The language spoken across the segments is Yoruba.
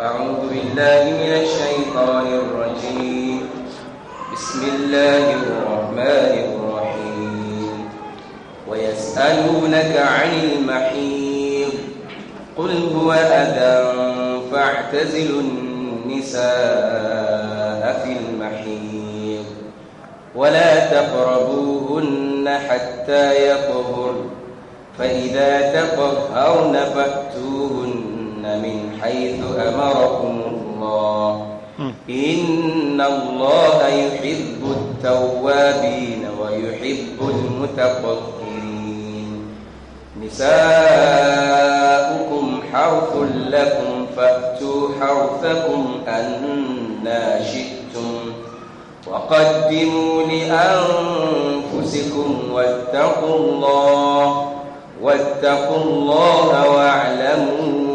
أعوذ بالله من الشيطان الرجيم بسم الله الرحمن الرحيم ويسألونك عن المحيض قل هو أذى فاعتزلوا النساء في المحيض ولا تقربوهن حتى يطهر فإذا تطهرن فأتوهن من حيث أمركم الله إن الله يحب التوابين ويحب المتقفرين نساؤكم حرث لكم فأتوا حرثكم أنا شئتم وقدموا لأنفسكم واتقوا الله واتقوا الله واعلموا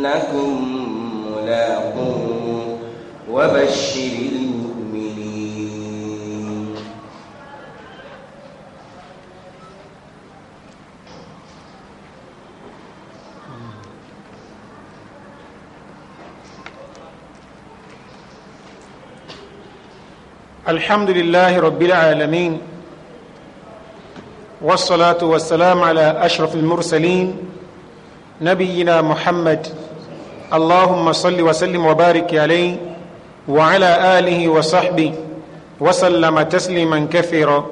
أنكم ملاقوه وبشر المؤمنين الحمد لله رب العالمين والصلاة والسلام على أشرف المرسلين نبينا محمد اللهم صل وسلم وبارك عليه وعلى آله وصحبه وسلم تسليما كثيرا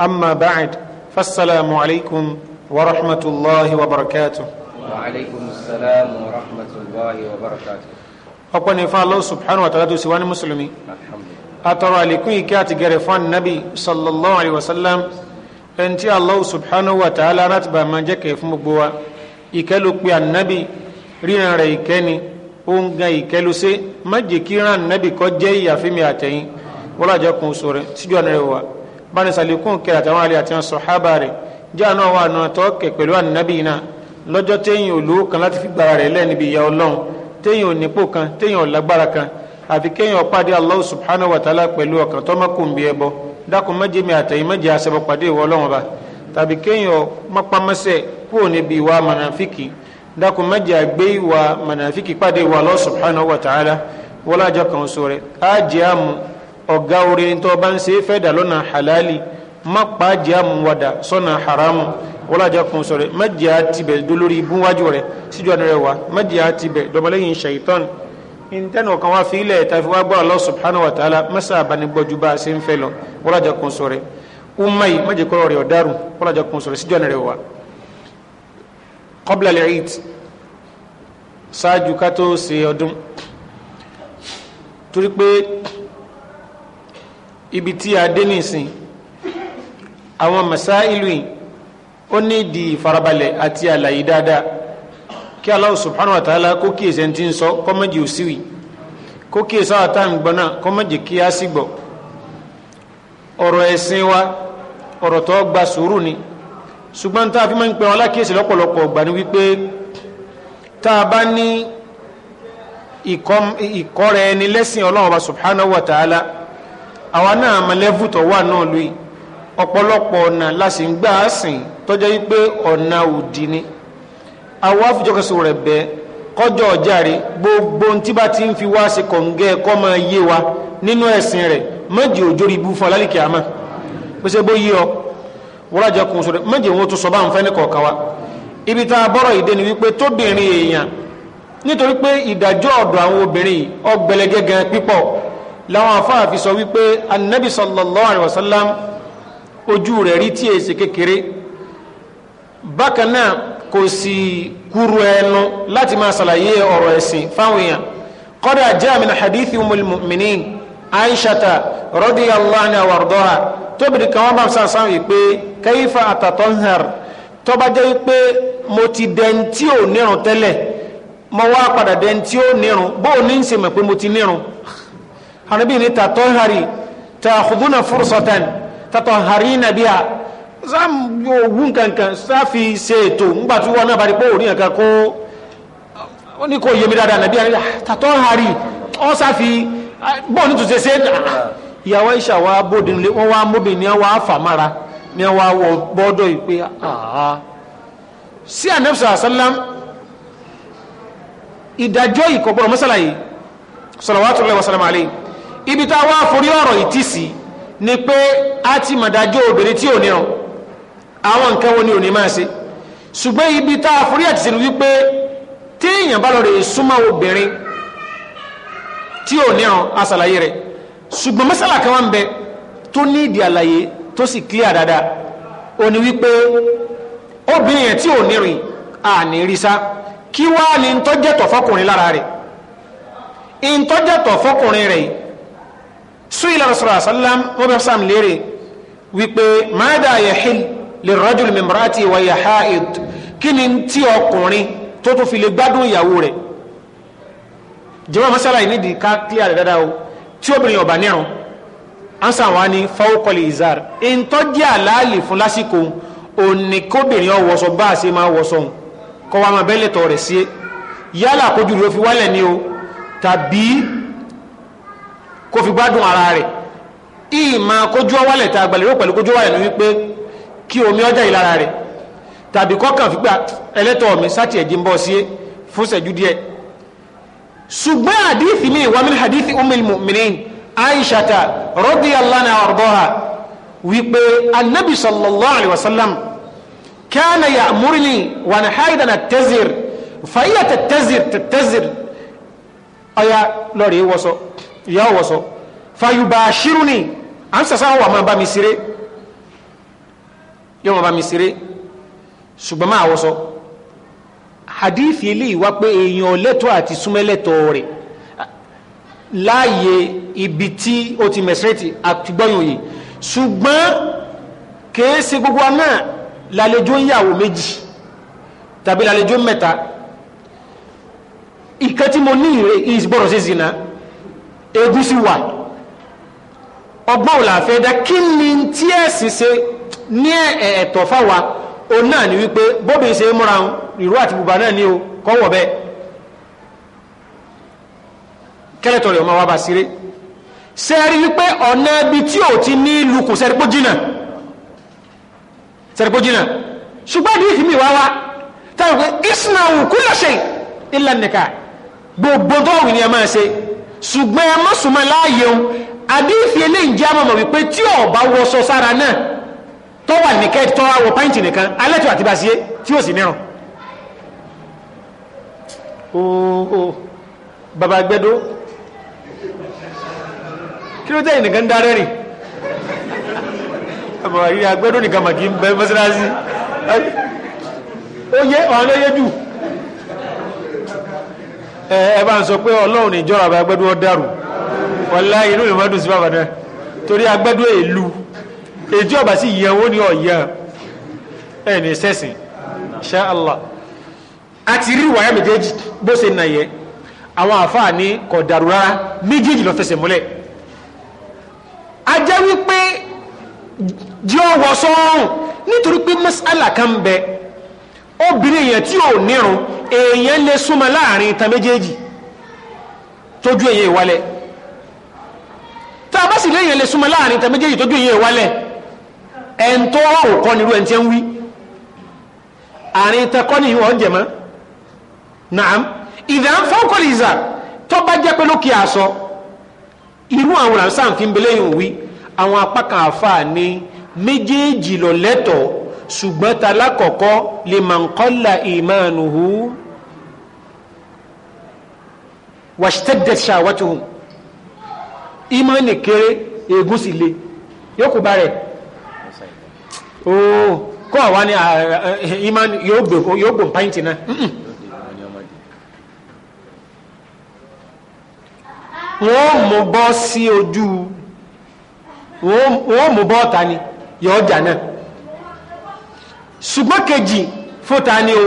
أما بعد فالسلام عليكم ورحمة الله وبركاته وعليكم السلام ورحمة الله وبركاته أقول نفع الله سبحانه وتعالى سوان مسلمي أترى لكم إكات غرفان النبي صلى الله عليه وسلم أنت الله سبحانه وتعالى نتبع من جكف مقبوة إكالك بأن النبي ríran rẹ̀ ìkẹ́ni ó ń gan ìkẹ́lósé má jẹ́ kí ran nàbì kọ́ jẹ́ ìyàfẹ́mi àtẹ̀yìn wọ́n lájọ kun oṣù rẹ̀ síjú ọ̀nà rẹ̀ wà bani salikun kẹrẹ àtàwọn àlẹ àti wọn sọ̀hábà rẹ̀ já náà wà náà tọ́ kẹ̀ pẹ̀lú ànábì náà lọ́jọ́ téèyàn olówó kan láti fi gbàrà rẹ̀ lẹ́ẹ̀ níbi ìyá ọlọ́run téèyàn onípò kan téèyàn ọ̀lágbára kan àfi kéèyàn pàdé Allah subhanahu wa ta'ala pẹ̀lú ọkàn tó má kùn bí ẹ bọ dákun má jẹ́mi àtẹ̀yìn má jẹ́ àṣẹbọ pàdé dákun má jẹ́ àgbé ìwà mànàfíkì pàdé ìwà Allah subhanahu wa ta'ala wọ́n lájọ kan so rẹ̀ á jẹ́ àmú ọ̀gá orin tó bá ń ṣe fẹ́ dà lọ́nà halali má pa á jẹ́ àmú wàdà sọ́nà haramu wọ́n lájọ kan so rẹ̀ má jẹ́ àtibẹ̀ dolórí ibúwájú rẹ̀ síjú àná rẹ̀ wá má jẹ́ àtibẹ̀ dọ̀bọ̀lẹ́yìn shaitan intani o kan wa fi ilẹ̀ tafi wa gbọ́ Allah subhanahu wa ta'ala masa abani gbọ́jú bá a ṣe ń fẹ́ lọ wọ́n kan so rẹ̀ umayi má kọ́ rẹ̀ ọ̀daràn wọ́n kan so rẹ̀ síjú àná rẹ̀ wá qabla al-eid ṣáájú ká tó ṣe ọdún torí pé ibi tí a dé nìsín àwọn masailu yìí ó ní di ìfarabalẹ̀ àti àlàyé dáadáa kí Allah subhanahu wa ta'ala kó kíyèsí ẹni tí ń sọ kọ́mọ́jì ò síwì kó kíyèsí àwọn táwọn gbọ́ náà kọ́mọ́jì kí á sì gbọ́ ọ̀rọ̀ ẹ̀sìn wa ọ̀rọ̀ tó gba sùúrù ni ṣùgbọ́n tá a fi máa ń pẹ́ wọn lákìyèsí lọ́pọ̀lọpọ̀ ọgbà ni wípé tá a bá ní ìkọ́ra ẹni lẹ́sìn ọlọ́run subhanahu wa ta'ala àwa náà mọ̀lẹ́fù tó wà náà lóyè ọ̀pọ̀lọpọ̀ ọ̀nà láti ń gbà á sìn tọ́jọ́ wípé ọ̀nà òdì ni àwa àfijọ́kẹsọ rẹ̀ bẹ́ẹ̀ kọjọ́ ọ̀járe gbogbo tí bá ti ń fi wá ṣe kọ̀ǹgẹ́ kọ́ máa yé wa nínú ẹ̀sìn rẹ̀ mọ́jì òjò rí ibú fún alálìkẹ́ àmà pèsè bó yí ọ wọ́lájà kún sórí méjì wọn tó sọ bá ń fẹ́ ní kọ̀ọ̀kan wa ibi tá a bọ́rọ̀ ìdè ni wípé tóbìnrin èèyàn nítorí pé ìdájọ́ ọ̀dọ̀ àwọn obìnrin ọgbẹ̀lẹ́gẹ́ gan pípọ̀ làwọn afáàfin sọ wípé anabi sallallahu alayhi wa sallam ojú rẹ̀ rí tí èsì kékeré bákan náà kò sì kúrú ẹnu láti máa ṣàlàyé ọ̀rọ̀ ẹ̀sìn fáwọn èèyàn kọ́dà jẹ́ àmì hadithi umul mu'minin aishata radiyallahu anha wardaha tóbìnrin kan wọn bá sàn sàn yìí pé kẹ́yìfà àtàtọ̀ ń hàn tọ́ba jẹ́ pé mo ti dẹni tí ò nírun tẹ́lẹ̀ mo wá padà dẹni tí ò nírun bó o ní ń sèmọ̀ pé mo ti nírun àníbí ni tàtọ̀ ń hàrì tàkùdúnà fúrùsọ̀tàn tàtọ̀ hàrì nàbíà sáà yóò wú nkankan sáà fi ṣe ètò ńgbà tí wọn náà bá rí pé òní nǹkan kó ó ní kò yé dáadáa nàbíà tàtọ̀ hàrì ọ̀ sáà fi bọ́ọ̀ ní tùsẹ̀ ṣe é ìyàwó ìṣà wa bóde nílé wọ́n wá móbi ní wọ́n á fà mára ní wọ́n á wọ bọ́dọ̀ yìí pé àhá sí ànẹ́bùsọ̀ àṣálám ìdájọ́ ìkọ̀gbọ́n mọ́sálà yìí sọ̀rọ̀wátò lẹ́wọ̀ sálàmà lè ibi tá a wá forí ọ̀rọ̀ ìtì sí ni pé a ti mọ̀dájọ́ obìnrin tí ò ní ọ àwọn nǹkan wo ni ò ní máa ṣe ṣùgbọ́n ibi tá a forí àti sinú wípé téèyàn bá lọ rè súnmọ́ obìnrin tí ò ní ọ àṣàlàyé rẹ̀ ṣùgbọ́n mọ́sálà kan wà ń bẹ tó ní ìdí àlàyé tó sì clear dáadáa ó ní wípé obìnrin yẹn tí ò ní rìn àní rí sá kí wá ní ń tọ́jẹ̀tọ̀ fọkùnrin lára rẹ̀ ń tọ́jẹ̀tọ̀ fọkùnrin rẹ̀ sún ilẹ̀ rẹ̀ sàlám wọ́n bẹ sàm léèrè wípé máàdà yahil lè rajul mimrati wa yahid kí ni tí ọkùnrin tó tún fi lè gbádùn ìyàwó rẹ̀ jẹ́wọ́n mọ́sálà yìí nídìí ká clear dáadáa o tí obìnrin ọ̀bà nírun ansa wa ni fawokọli izar ntọ́jú àlàálì fún lásìkò òní kóbìnrin ọ̀wọ́sọ bá a ṣe máa wọ́sọ kọ́ wa máa bẹ́lẹ̀ tọ̀ rẹ̀ sí yálà kójú ló fi wálẹ̀ ni o tàbí kó fi gbádùn ara rẹ̀ ìmọ̀ kójú ọwálẹ̀ tá gbàlérò pẹ̀lú kójú ọwálẹ̀ ni wípé kí omi ọjà yìí rẹ̀ tàbí kọ́kàn fipá ẹlẹ́tọ̀ sátì ẹ̀jẹ̀ ń sí e fún ṣẹ́jú díẹ̀ ṣùgbọ́n àdífì mi wà mín hadithi umil mu'minin aishata radiyallahu anha ardaha wípé annabi sallallahu alaihi wasallam kana ya'murni wa nahaidan at-tazir fa iya tattazir tattazir aya lori waso ya waso fa yubashiruni an sasa wa ma ba mi sire ma ba mi ṣùgbọ́n ma waso hadithi eléyìí wá pé èèyàn lẹ́tọ̀ọ́ àti súnmẹ́lẹ́tọ̀ọ́ rẹ̀ láàyè ibi tí ó ti mẹ̀sẹ̀rẹ̀tì àtìgbọ́yìn òye ṣùgbọ́n kìí ṣe gbogbo náà lálejò ìyàwó méjì tàbí lálejò mẹ́ta ìkẹ́ tí mo ní ìrè ìsbọ̀rọ̀ sí zina egusi wà ọgbọ́n òlàfẹ́ dá kí ni tí ẹ̀sìn ṣe ní ẹ̀ẹ̀tọ̀ fáwa òun náà ni wípé bóbi ṣe múra wọn ìró àti bùbá náà ní o kọ́wọ̀ bẹ́ẹ̀ kẹ́lẹ̀tọ̀ rẹ̀ ọmọ wa bá síré sẹ́rí wípé ọ̀nà ibi tí ò ti ní lukù sẹ́rípó jìnà sẹ́rípó jìnà ṣùgbọ́n ní ìfìmí wá wá táwọn pé ìsìnà òkú lọ́ṣẹ̀ ìlà nìka gbogbo tó wù ní ẹ máa ṣe ṣùgbọ́n ẹ mọ́sùnmọ́ láàyè òun àdífi eléyìí jẹ́ àmọ̀mọ̀ wípé tí ọ̀bá wọṣọ sára náà tó wà ní kẹ́ẹ̀tọ́ àwọ̀ nìkan alẹ́tọ̀ àtibáṣe tí ó sì níràn ooo baba gbẹdó kí ló tẹ́yìn nìkan dárẹ́ rìn baba yìí agbẹdó nìkan mà kí n bẹ mọ́sálásí ó yé ọ̀hán ló yé jù ẹ ẹ bá ń sọ pé ọlọ́run ní ìjọra baba gbẹdó ọ̀dàrú wàlá inú ìmọ̀dún sí bàbá náà torí agbẹdó èlú èjì ọ̀bà sí ìyẹn owó ni ọ̀yẹ́ ẹ̀ ní sẹ́sìn insha Allah. àti rí waya méjèèjì bó ṣe nà yẹ àwọn àfáà ní kọ̀ dàrú rárá méjèèjì lọ fẹsẹ̀ múlẹ̀ a jẹ́ wípé jẹ́ ọwọ́ sọ́rùn nítorí pé kan bẹ obìnrin èèyàn tí ò nírun èèyàn lè láàrin ìta méjèèjì tójú èyẹ ìwálẹ̀ tá a bá sì léèyàn lè súnmọ́ láàrin ìta méjèèjì tójú èyẹ ìwálẹ̀ naam idan fɔnkɔ liza tɔba jɛpɛlu kia sɔ irun awura sanfimbele yi wi awon apaka afa ni mejeji lɔ lɛtɔ sugbɛtala kɔkɔ limankɔla imanuhu wasitɛdɛsa watuhu imani kere egusi le yokuba rɛ ooo kɔ awa ni imani yoo gbɛ yoo gbɛ pɛnti na. wọ́n mú bọ́ sí ojú wọ́n mú bọ́ ta ni yọ jà náà ṣùgbọ́n kejì fún ta ni o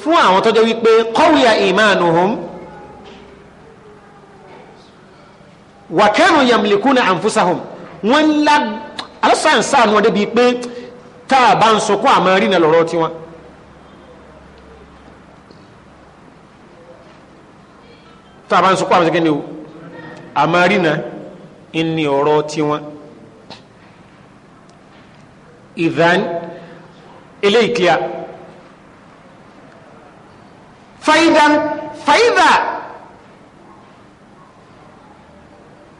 fún àwọn tọ́jọ́ wípé kọ́wìyà imanuhum wa kanu yamlikuna anfusahum wọ́n ńlá alásàǹsà ni wọ́n débi pé tá a bá ń sọkún àmọ́ rí na lọ́rọ́ tiwọn. tá a bá ń sọkún àmọ́ sẹ́kẹ́ ni o àmárínà ní ọ̀rọ̀ tiwọn ìdán eléyìí clear faidan faida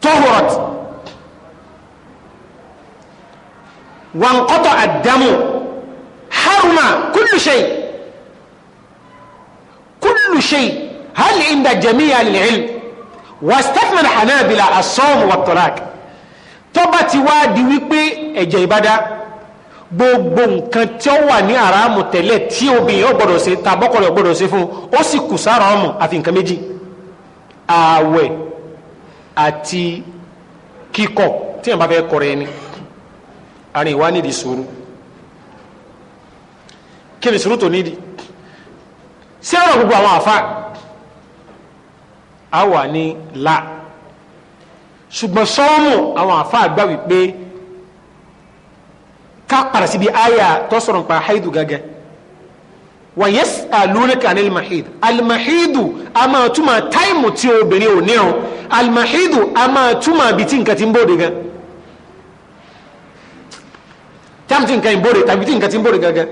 tohorot wankọtọ adamu haruma kullu shay kullu shay hal inda jami'a al-ilm wàstẹ́fìmọ̀nà hanabila asọ́ọ̀mù wàtọ́lák tó bá ti wá di wípé ẹ̀jẹ̀ ìbádá gbogbo nǹkan tí ó wà ní àràmù tẹ́lẹ̀ tí obìnrin ó gbọ́dọ̀ ṣe tàbọ́kọ̀rọ̀ gbọ́dọ̀ ṣe fún ó sì kù sára ọmọ àfi nǹkan méjì ààwẹ̀ àti kíkọ̀ tí èèyàn bá fẹ́ kọrẹ ẹni àrùn ìwá nídìí sùúrù kí ni sùúrù tó nídìí sí ọ̀rọ̀ gbogbo àwọn àfáà a wà ní la ṣùgbọ́n sọ́ọ̀mù àwọn àfa àgbà wípé ká padà síbi àyà tó sọ̀rọ̀ nípa haidu gẹ́gẹ́ wà yẹ́s àlùníkà ní almahidu almahidu a máa túmọ̀ táìmù tí obìnrin ò ní ọ almahidu a máa túmọ̀ bí tí nǹkan ti ń bòde gan táìmù tí nǹkan ń bòde tàbí tí nǹkan ti ń bòde gẹ́gẹ́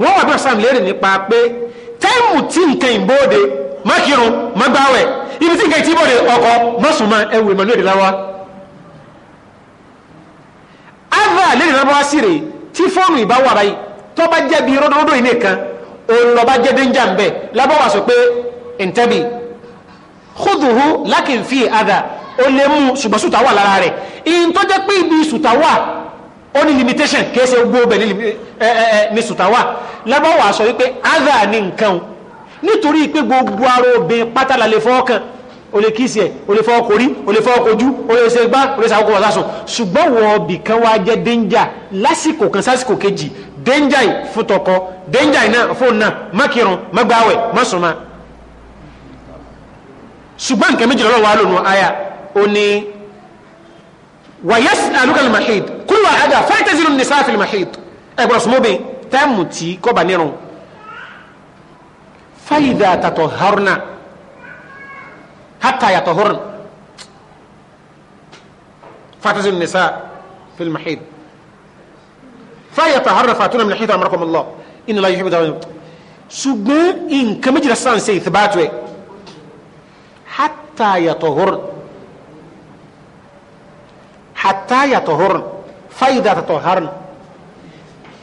wọ́n wà bí wọ́n sàm lérè nípa pé táìmù tí nǹkan ń bòde má kírun ibi tí nǹkan ìtí bọ̀dẹ̀ ọkọ̀ mọ́sùnmọ́ ẹwù ìmọ̀ lóde láwá ava lóde láwá sí rè tí fóònù ìbá wà báyìí tó bá jẹ́ bí rọ́dọ̀rọ́dọ̀ yìí nìkan òun lọ bá jẹ́ dénjà ń bẹ̀ lábọ́ wà sọ pé ntẹ́bi khuduhu lakin fi ada ó lé mú ṣùgbọ́n sùtà wà lára rẹ̀ ìyìn tó jẹ́ pé ibi sùtà wà ó ní limitation kìí ṣe gbogbo ọbẹ̀ ní eh, eh, eh, sùtà wà lábọ́ wà sọ wípé ada ní nǹkan nítorí pé gbogbo ara obìnrin pátá la lè fọ́ọ̀kan o lè kí sí ẹ̀ o lè fọ́ọ̀kò rí o lè fọ́ọ̀kòjú o lè ṣe gbá o lè ṣàkókò ọ̀sásùn ṣùgbọ́n wọ́n bì kan wá jẹ́ dẹ́njà lásìkò kan sásìkò kejì dẹ́njà yìí fún tọkọ dẹ́njà yìí náà fóun náà má ṣùgbọ́n nǹkan méjì lọ́wọ́ wa lónìí aya o ní wàyẹ́sì alukal mahid kúlù àhàdà fẹ́ẹ́ tẹ́sílùm sáfìlì mahid ẹ̀gbọ́n sùmọ́bìn tẹ́ẹ̀mù tí فإذا تطهرنا حتى يطهرن فاعتزل النساء في المحيط فيتهر فاتون من حيث أمركم الله إن الله يحب ذلك سبن إن كم جرسان سيثبات حتى يطهر حتى يطهر فإذا تطهرن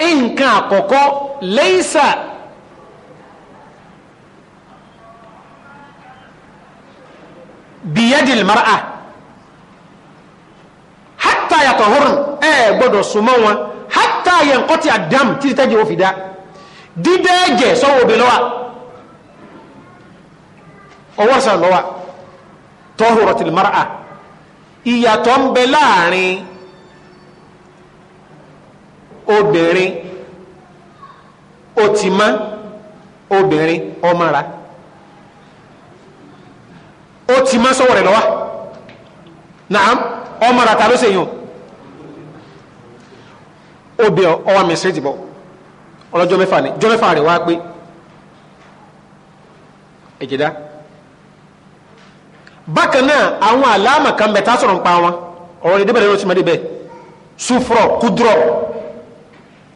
إن كان ليس biyadil mar'a hatta yatahurun ẹ gbọ́dọ̀ súnmọ́ wọn hatta yanqati àdám títí tẹ́jẹ́ ó fi dá dídá ẹ̀jẹ̀ sọ́wọ́ obì lọ́wà ọwọ́ sàn lọ́wà tahuratil mar'a ìyàtọ̀ ń bẹ láàrin obìnrin ó ti ti má sọ̀wọ́ rẹ̀ lọ́wọ́ naam ọmọ rata ló sèyàn obì ọwọ́ mẹsẹ̀ẹ́jì bọ̀ ọlọ́jọ́ mẹ́fà ni jọ́ mẹ́fà rẹ̀ wá pé ẹ̀jẹ̀dá bákan náà àwọn àlámà kan bẹ̀ tá sọ̀rọ̀ ń pa wọn ọ̀rọ̀ ní débẹ̀rẹ̀ ló ti má débẹ̀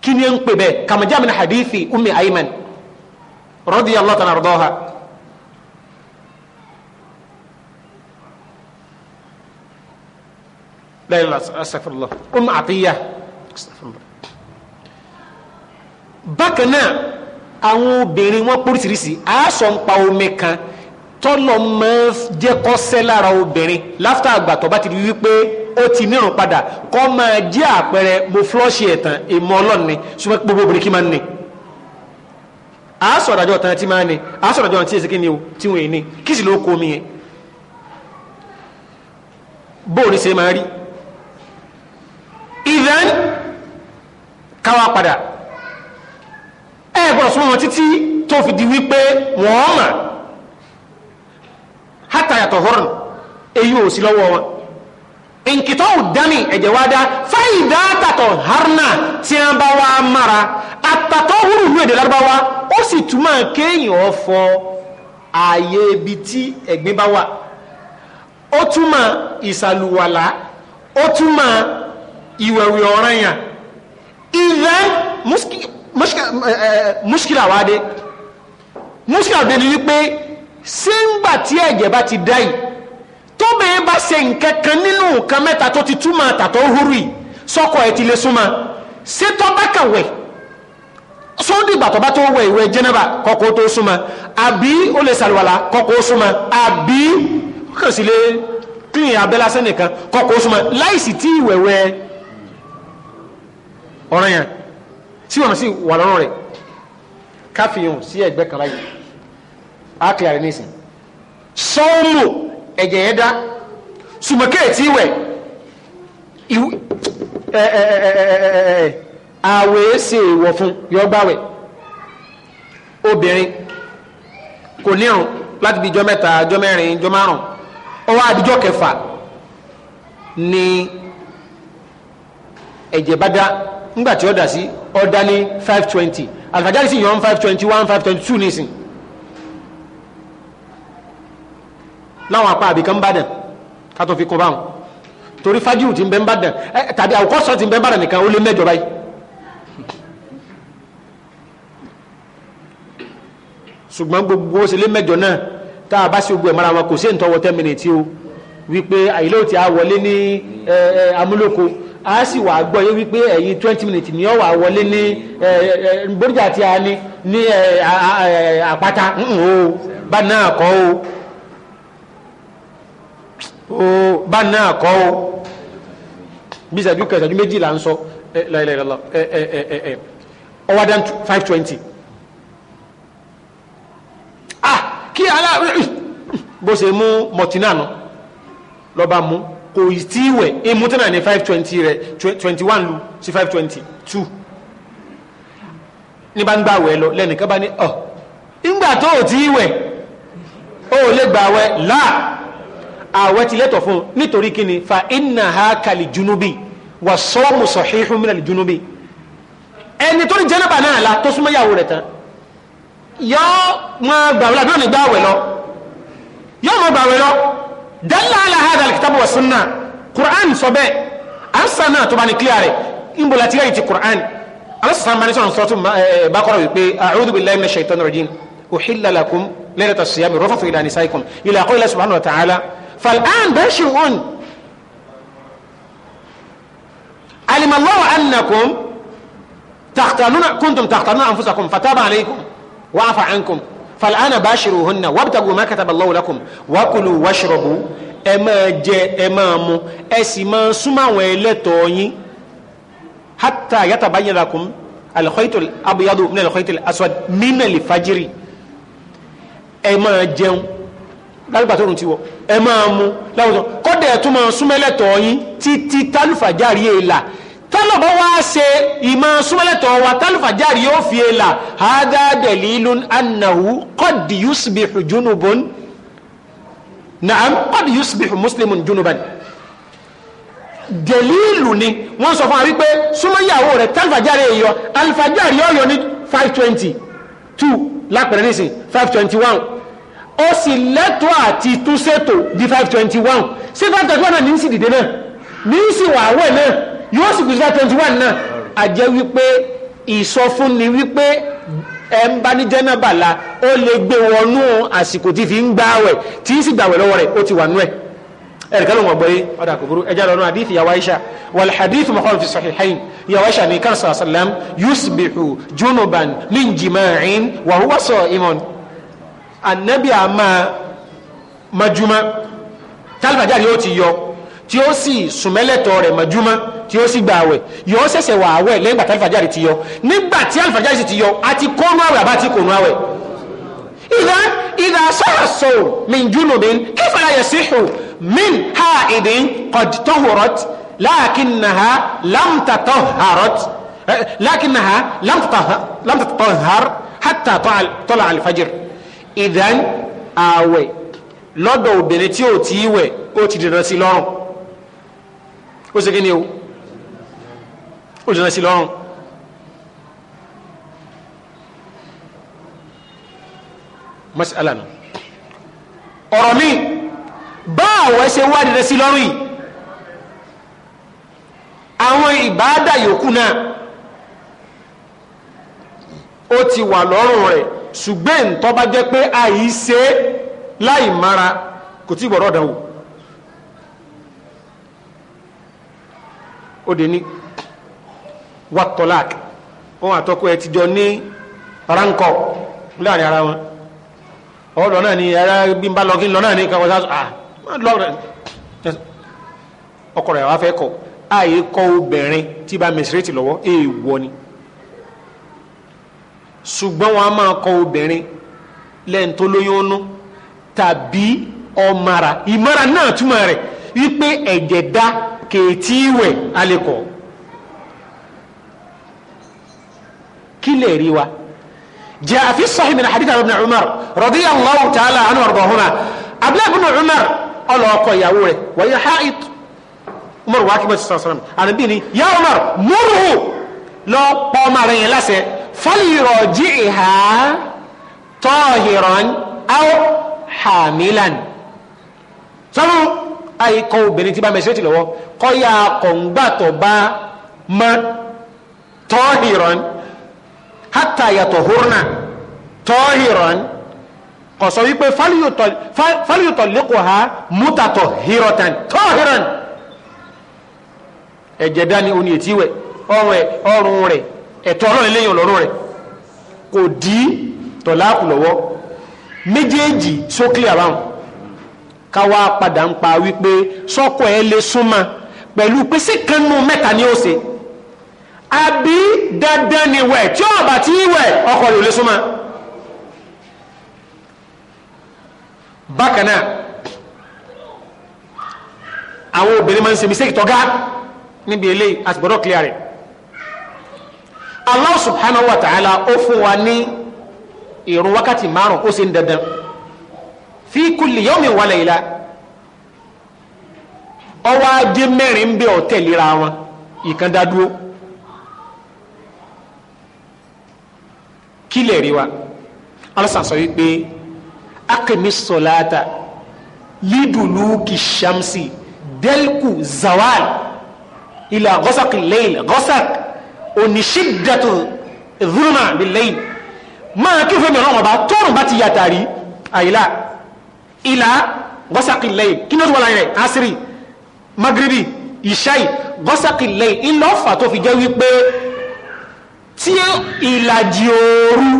kí ni ń pè bẹ́ẹ̀ kàmájà mi ní hadithi ummi ayman radiyallahu ta'ala ardaha. لا لا استغفر الله ام عطيه استغفر الله bákan náà àwọn obìnrin wọn póríṣiríṣi aṣọ ń pa omi kan tọ́lọ máa jẹ́ kó sẹ́ lára obìnrin láfta àgbà tó bá ti di wípé ó ti nírun padà kọ́ máa jẹ́ àpẹẹrẹ mo flọ́ọ̀ṣì ẹ̀tàn èmọ ọlọ́run ni ṣùgbọ́n gbogbo obìnrin kí máa ń ni aṣọ àdájọ́ ọ̀tàn ti máa ń ni aṣọ àdájọ́ ọ̀tàn ti ṣe kí ni o tí wọ́n ń ni kí sì ló kó omi yẹn bóòrè ṣe máa rí ìdán káwá padà ẹ gbọ́dọ̀ súnmọ́ wọn títí tó fi di wípé wọ́n mà hátàyàtọ̀ hórùn èyí ò sí lọ́wọ́ wọn nkìtọ́ òdámì ẹ̀jẹ̀ wá dá fáyidá tàtọ̀ harna tí a bá wá mara àtàtọ̀ hórùn ní èdè lárúbáwá ó sì túmọ̀ kéèyàn ọ̀fọ̀ ààyè ibi tí ẹ̀gbin bá wà ó túmọ̀ ìsàlùwàlá ó túmọ̀ ìwẹ̀wẹ̀ ọ̀ràn yàn ìrẹ́ múṣkìlà wá dé múṣkìlà dé ni wípé ṣé ń gbà tí ẹ̀jẹ̀ bá ti dá yìí tó bẹ́ẹ̀ bá ṣe nǹkan kan nínú nǹkan mẹ́ta tó ti túmọ̀ àtàtọ̀ húrù yìí sọ́kọ̀ ẹ̀ ti lè súnmọ́ ṣé tó bá kàwẹ̀ sóńdì ìgbà tó bá tó wẹ ìwẹ̀ jẹ́nẹ́bà kọ́kọ́ tó súnmọ́ àbí ó lè ṣàlùwàlà kọ́kọ́ súnmọ́ àbí kò sì lè kíyìn abẹ́lásẹ́ nìkan kọ́kọ́ súnmọ́ láìsí tí ìwẹ̀wẹ̀ ọ̀rọ̀ yẹn sí wọn sí wà lọ́rùn rẹ̀ káfíhùn sí ẹgbẹ́ kan báyìí á kìlà rẹ̀ nísìn sọ́ọ́mù ẹ̀jẹ̀ yẹn dá sùmọ́kẹ́ tí wẹ̀ àwẹ̀ ṣe èèwọ̀ fún yọgbàwẹ̀ obìnrin kò nírun láti bí ijọ́ mẹ́ta ijọ́ mẹ́rin ijọ́ márùn ó wá kẹfà ni ẹ̀jẹ̀ bá dá ńgbà tí ọ̀dà sí ọ̀dà ní five twenty alifajari sì yàn five twenty one five twenty two nísìn láwọn apá àbíkan bá dàn ká tó fi kún báwọn torí fájìrù ti ń bẹ ń bá dàn tàbí àwòkọ́sọ ti ń bẹ ń bá dàn nìkan ó lé mẹ́jọ báyìí. ṣùgbọ́n gbogbo ó ṣe lé mẹ́jọ náà tá a bá gbogbo ẹ̀ mọ́ra wọn kò sí ìtọ́wọ́ ten minutes o wípé àyílẹ̀ ò ti á wọlé ní amúlòkó. a sì wà gbọ́ yé wípé ẹ̀yìn twenty minutes ni ọ wà wọlé ní bóríjà tí a ní ní àpáta o bá náà kọ́ o bá náà kọ́ o bí ìṣẹ́jú kẹsàn-án méjìlá ń sọ ọwọ́ dán five twenty ah kí alá bó ṣe mú mọ̀tínà nù lọ́ba mú. kò tí ìwẹ̀ imú tẹ́nà ní five twenty rẹ̀ twenty one lu sí five twenty two ní bá ń gbà wẹ̀ lọ lẹ́nìkan bá ní ọ̀ ńgbà tó ò tí ìwẹ̀ ó lè gbà wẹ̀ láà àwẹ̀ ti lẹ́tọ̀ fún un nítorí kíni fa iná ha kàlì junubi wà sọ́ọ̀mù sọ̀híhùn mìíràn junubi ẹni tó ní jẹ́nàbà náà la tó súnmọ́ ìyàwó rẹ̀ tán yọ́ mọ́ gbàwẹ̀ lọ yọ́ mọ́ gbàwẹ̀ lọ dalla ala hada alkitabu wa sunna quran sọ bẹ́ẹ̀ ansa náà tó bá ní clear rẹ̀ ìmọ̀lá tí yàrá ti quran alásàsàn bá ní sọ̀rọ̀ sọ́tún bákọ́rọ̀ wípé a'udhu billahi minash shaitanir rajim uhilla lakum laylata siyami rafathu ila nisaikum ila qawli subhanahu wa ta'ala fal'an bashi'un alima Allahu annakum تختارون كنتم تختارون انفسكم فتاب عليكم وعفى عنكم fal'ana bashiruhunna wabtagu ma kataballahu lakum wakulu washrabu ẹ máa jẹ ẹ máa mu ẹ sì máa súnmọ́ àwọn ẹlẹ́tọ̀ọ́ yín hatta yatabayyana lakum alkhaytul abyadu min alkhaytul aswad min alfajiri ẹ máa jẹun lálùbà tó rùn ti wọ ẹ máa mu láwùjọ kọ́dẹ̀ ẹ̀ tún máa súnmọ́ ẹlẹ́tọ̀ọ́ yín títí tálùfàjárì èèlà tọ́lọ̀bọ́ wá ṣe ìmọ̀ súnmọ́lẹ̀tọ̀ wa tálùfàjáàrí yóò fi èlà àádáadẹ̀lílún annahu kọ́dì yusbihu junubun na'am kọ́dì yusbihu muslimun junuban dẹ̀lílù ni wọ́n sọ fún wa wípé súnmọ́yàwó rẹ̀ tálùfàjáàrí yọ alùfàjáàrí yọ ní 520 lápẹ̀rẹ̀ nísìn 521 ó sì lẹ́tọ́ àti túnṣètò di 521 sí 521 ní sì dìde náà ní sì wàáwẹ̀ náà yóò sì kù sí twenty one náà àjẹ́ wípé ìsọfúnni wípé ẹ̀ ń bá ní jẹ́nàbàlà ó lè gbé wọnú àsìkò tí fi ń gbààwẹ̀ tí sì gbààwẹ̀ lọ́wọ́ rẹ̀ ó ti wà nú ẹ̀ ẹ̀rìkà lóun ọ̀gbọ́n yìí ọ̀dà kò burú ẹja lọ́nà hadith ìyàwó aisha wal hadith mọ̀kànlá fi sahihayn ìyàwó aisha ní kan sàlám yusbihu junuban min jima'in wa huwa sa'imun anabi àmà majuma tálífàjáde ó ti yọ tí ó sì sùnmẹ́lẹ̀tọ̀ rẹ̀ mọ̀júmọ́ tí ó sì gba àwẹ̀ yóò ṣẹ̀ṣẹ̀ wà àwẹ̀ lẹ́yìn gbàtà alifajari ti yọ nígbà tí alifajari sì ti yọ àti kónú àwẹ̀ àbá ti kónú àwẹ̀. ìdá ìdá sọ́ra sọ̀rọ̀ min junubin kayfa la yasihu min ha'idin qad tahurat lakinnaha lam tatahharat eh, lakinnaha lam tatahhar hatta tala alifajir. ìdá àwẹ̀ lọ́dọ̀ obìnrin tí ò tí ì wẹ̀ ó ti dìran sí lọ́rùn ó ṣe kíni o ó jìnnà sí lọ́rùn. mas'ala nù ọ̀rọ̀ mi bá àwọ̀ ṣe wá dìde sí lọ́rùn àwọn ìbáàdà yòókù náà ó ti wà lọ́rùn rẹ̀ ṣùgbọ́n tó bá jẹ́ pé àìṣe láì mara kò tí gbọ́dọ̀ dánwò. ó de ní watolak wọn àtọkọ ẹ ti jọ ní ránkọ láàrin ara wọn ọlọ náà ni ara bí n bá lọ kí náà ni kankan sáà ah lọ rẹ ọkọ rẹ wàá fẹ kọ ààyè kọ obìnrin tí bá mẹsìrètì lọ́wọ́ èèwọ̀ ni ṣùgbọ́n wọn a máa kọ obìnrin lẹ́yìn tó lóyún ọnú tàbí ọmọara ìmọ̀ra náà túmọ̀ rẹ̀ wípé ẹ̀jẹ̀ dá kèétí ìwẹ̀ alẹ́kọ̀ọ́ kí lè rí wa جاء في الصحيح من حديث ابن عمر رضي الله تعالى عنه وارضاهما abúlé ibùnú umar ọlọ́ọ̀kọ ìyàwó rẹ̀ wọ́yẹ haid umar wa kíbọ̀ sísan sọ́nà àdàbí ni ya umar múrùú lọ pọ̀ ọmọ rẹ̀ yẹn lásẹ̀ fọ́lìrọ̀ jí ìhà tọ́hìrán áwọ̀ hàmílan sọ́nà àìkọ obìnrin tí bá mẹsẹ̀tì lọ́wọ́ kọ́yà kọ̀ǹgbàtọ̀ bá mọ́ tọ́hìrán hátà yàtọ̀ húrnà tọ́hìrán kọ̀sọ̀ wípé fáliyùtọ̀ lẹ́kọ̀ọ́ ha mútàtọ̀ hìrọ̀tàn tọ́hìrán ẹ̀jẹ̀ dání oní ètíwẹ̀ ọrùn rẹ̀ ẹ̀tọ́ ọlọ́run lẹ́yìn ọlọ́run káwá padà ń pa wípé sọ́kọ̀ ẹ lè súnmọ́ pẹ̀lú pé sí kanú mẹ́ta ni ó ṣe àbí dandan ni wẹ̀ tí ti wẹ̀ ọkọ rẹ̀ ò lè súnmọ́ bákan náà àwọn obìnrin máa ń ṣe mistake tọ́gá níbi clear rẹ̀ Allah subhanahu wa ta'ala ó fún wa ní wákàtí márùn ó fi kulli yawmin wa layla ọwọ́ ajé mẹ́rin bẹ́ ọ̀tẹ̀lera wọn ìkandádúró kílẹ̀ rí wa alásàn sọ wípé akemi sọ̀láta lídùlú kì sàmsì dẹ́lkù zawal ilà gọ́sàk lẹ́yìn gọ́sàk oníṣídàtò ìdúrúmà bí lẹ́yìn máa kí fún mi ọ̀rọ̀ ọba tóorùn bá ti yàtàrí àyílá ìlà gọ́sàkìlẹ́yìn kí ló tó wà láyé rẹ̀ asiri magribi ìṣáì gọ́sàkìlẹ́yìn ilẹ̀ ọ̀fà tó fi jẹ́ wípé tí ìlàjì òru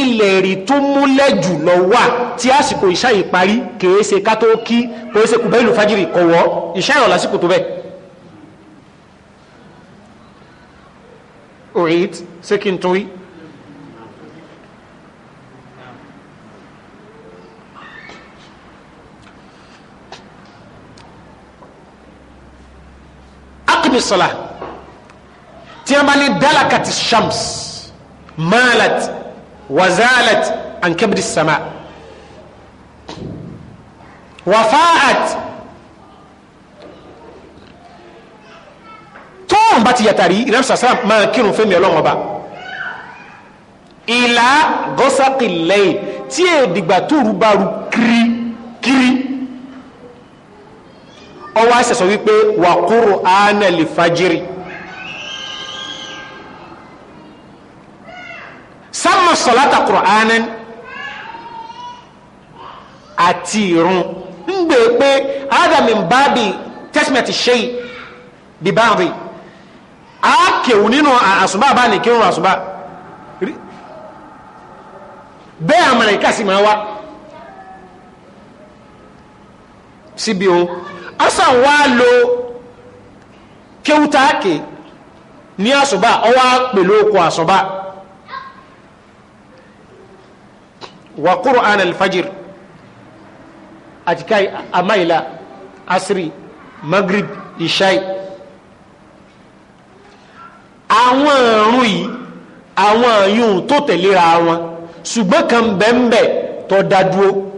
ilẹ̀ rí tó múlẹ̀ jù lọ wà tí àsìkò ìṣáì parí kìí ká tó kí kìí ṣe kùbẹ́ ìlú kọ̀wọ́ ìṣáì ọ̀ tó bẹ́ẹ̀. òrìt ṣé kí n bi sọla tiɲɛbali dalakati shams malat wazalat an kebiri sama wafaat tóun bá ti yàtàrí ìrẹsì sàsàrà máa kírun fẹmi Ọlọ́run ọba ìlà gọsàkìlẹyìn tí èdìgbà tó kiri kiri ọwọ́ àṣẹsọ wípé wà kúrò ánà lè fajiri sámà sọ̀látà kúrò ánà àti ìrún ń gbé e pé ádámì bábì tẹ́símẹ̀tì ṣe bíbáàbì a kèwù nínú àṣùbà bá ní kírun àṣùbà bẹ́ẹ̀ àmàlẹ̀ ìkásí máa wá síbi ohun asan wá lo kéwútáàkì ní àsùbá ọwá pẹ̀lú okùn àsùbá wa qur'an alfajir àti káyì amáìlá asiri magrib ishai àwọn ọ̀run yìí àwọn àyùn tó tẹ̀léra wọn ṣùgbọ́n kan bẹ́ẹ̀ bẹ́ẹ̀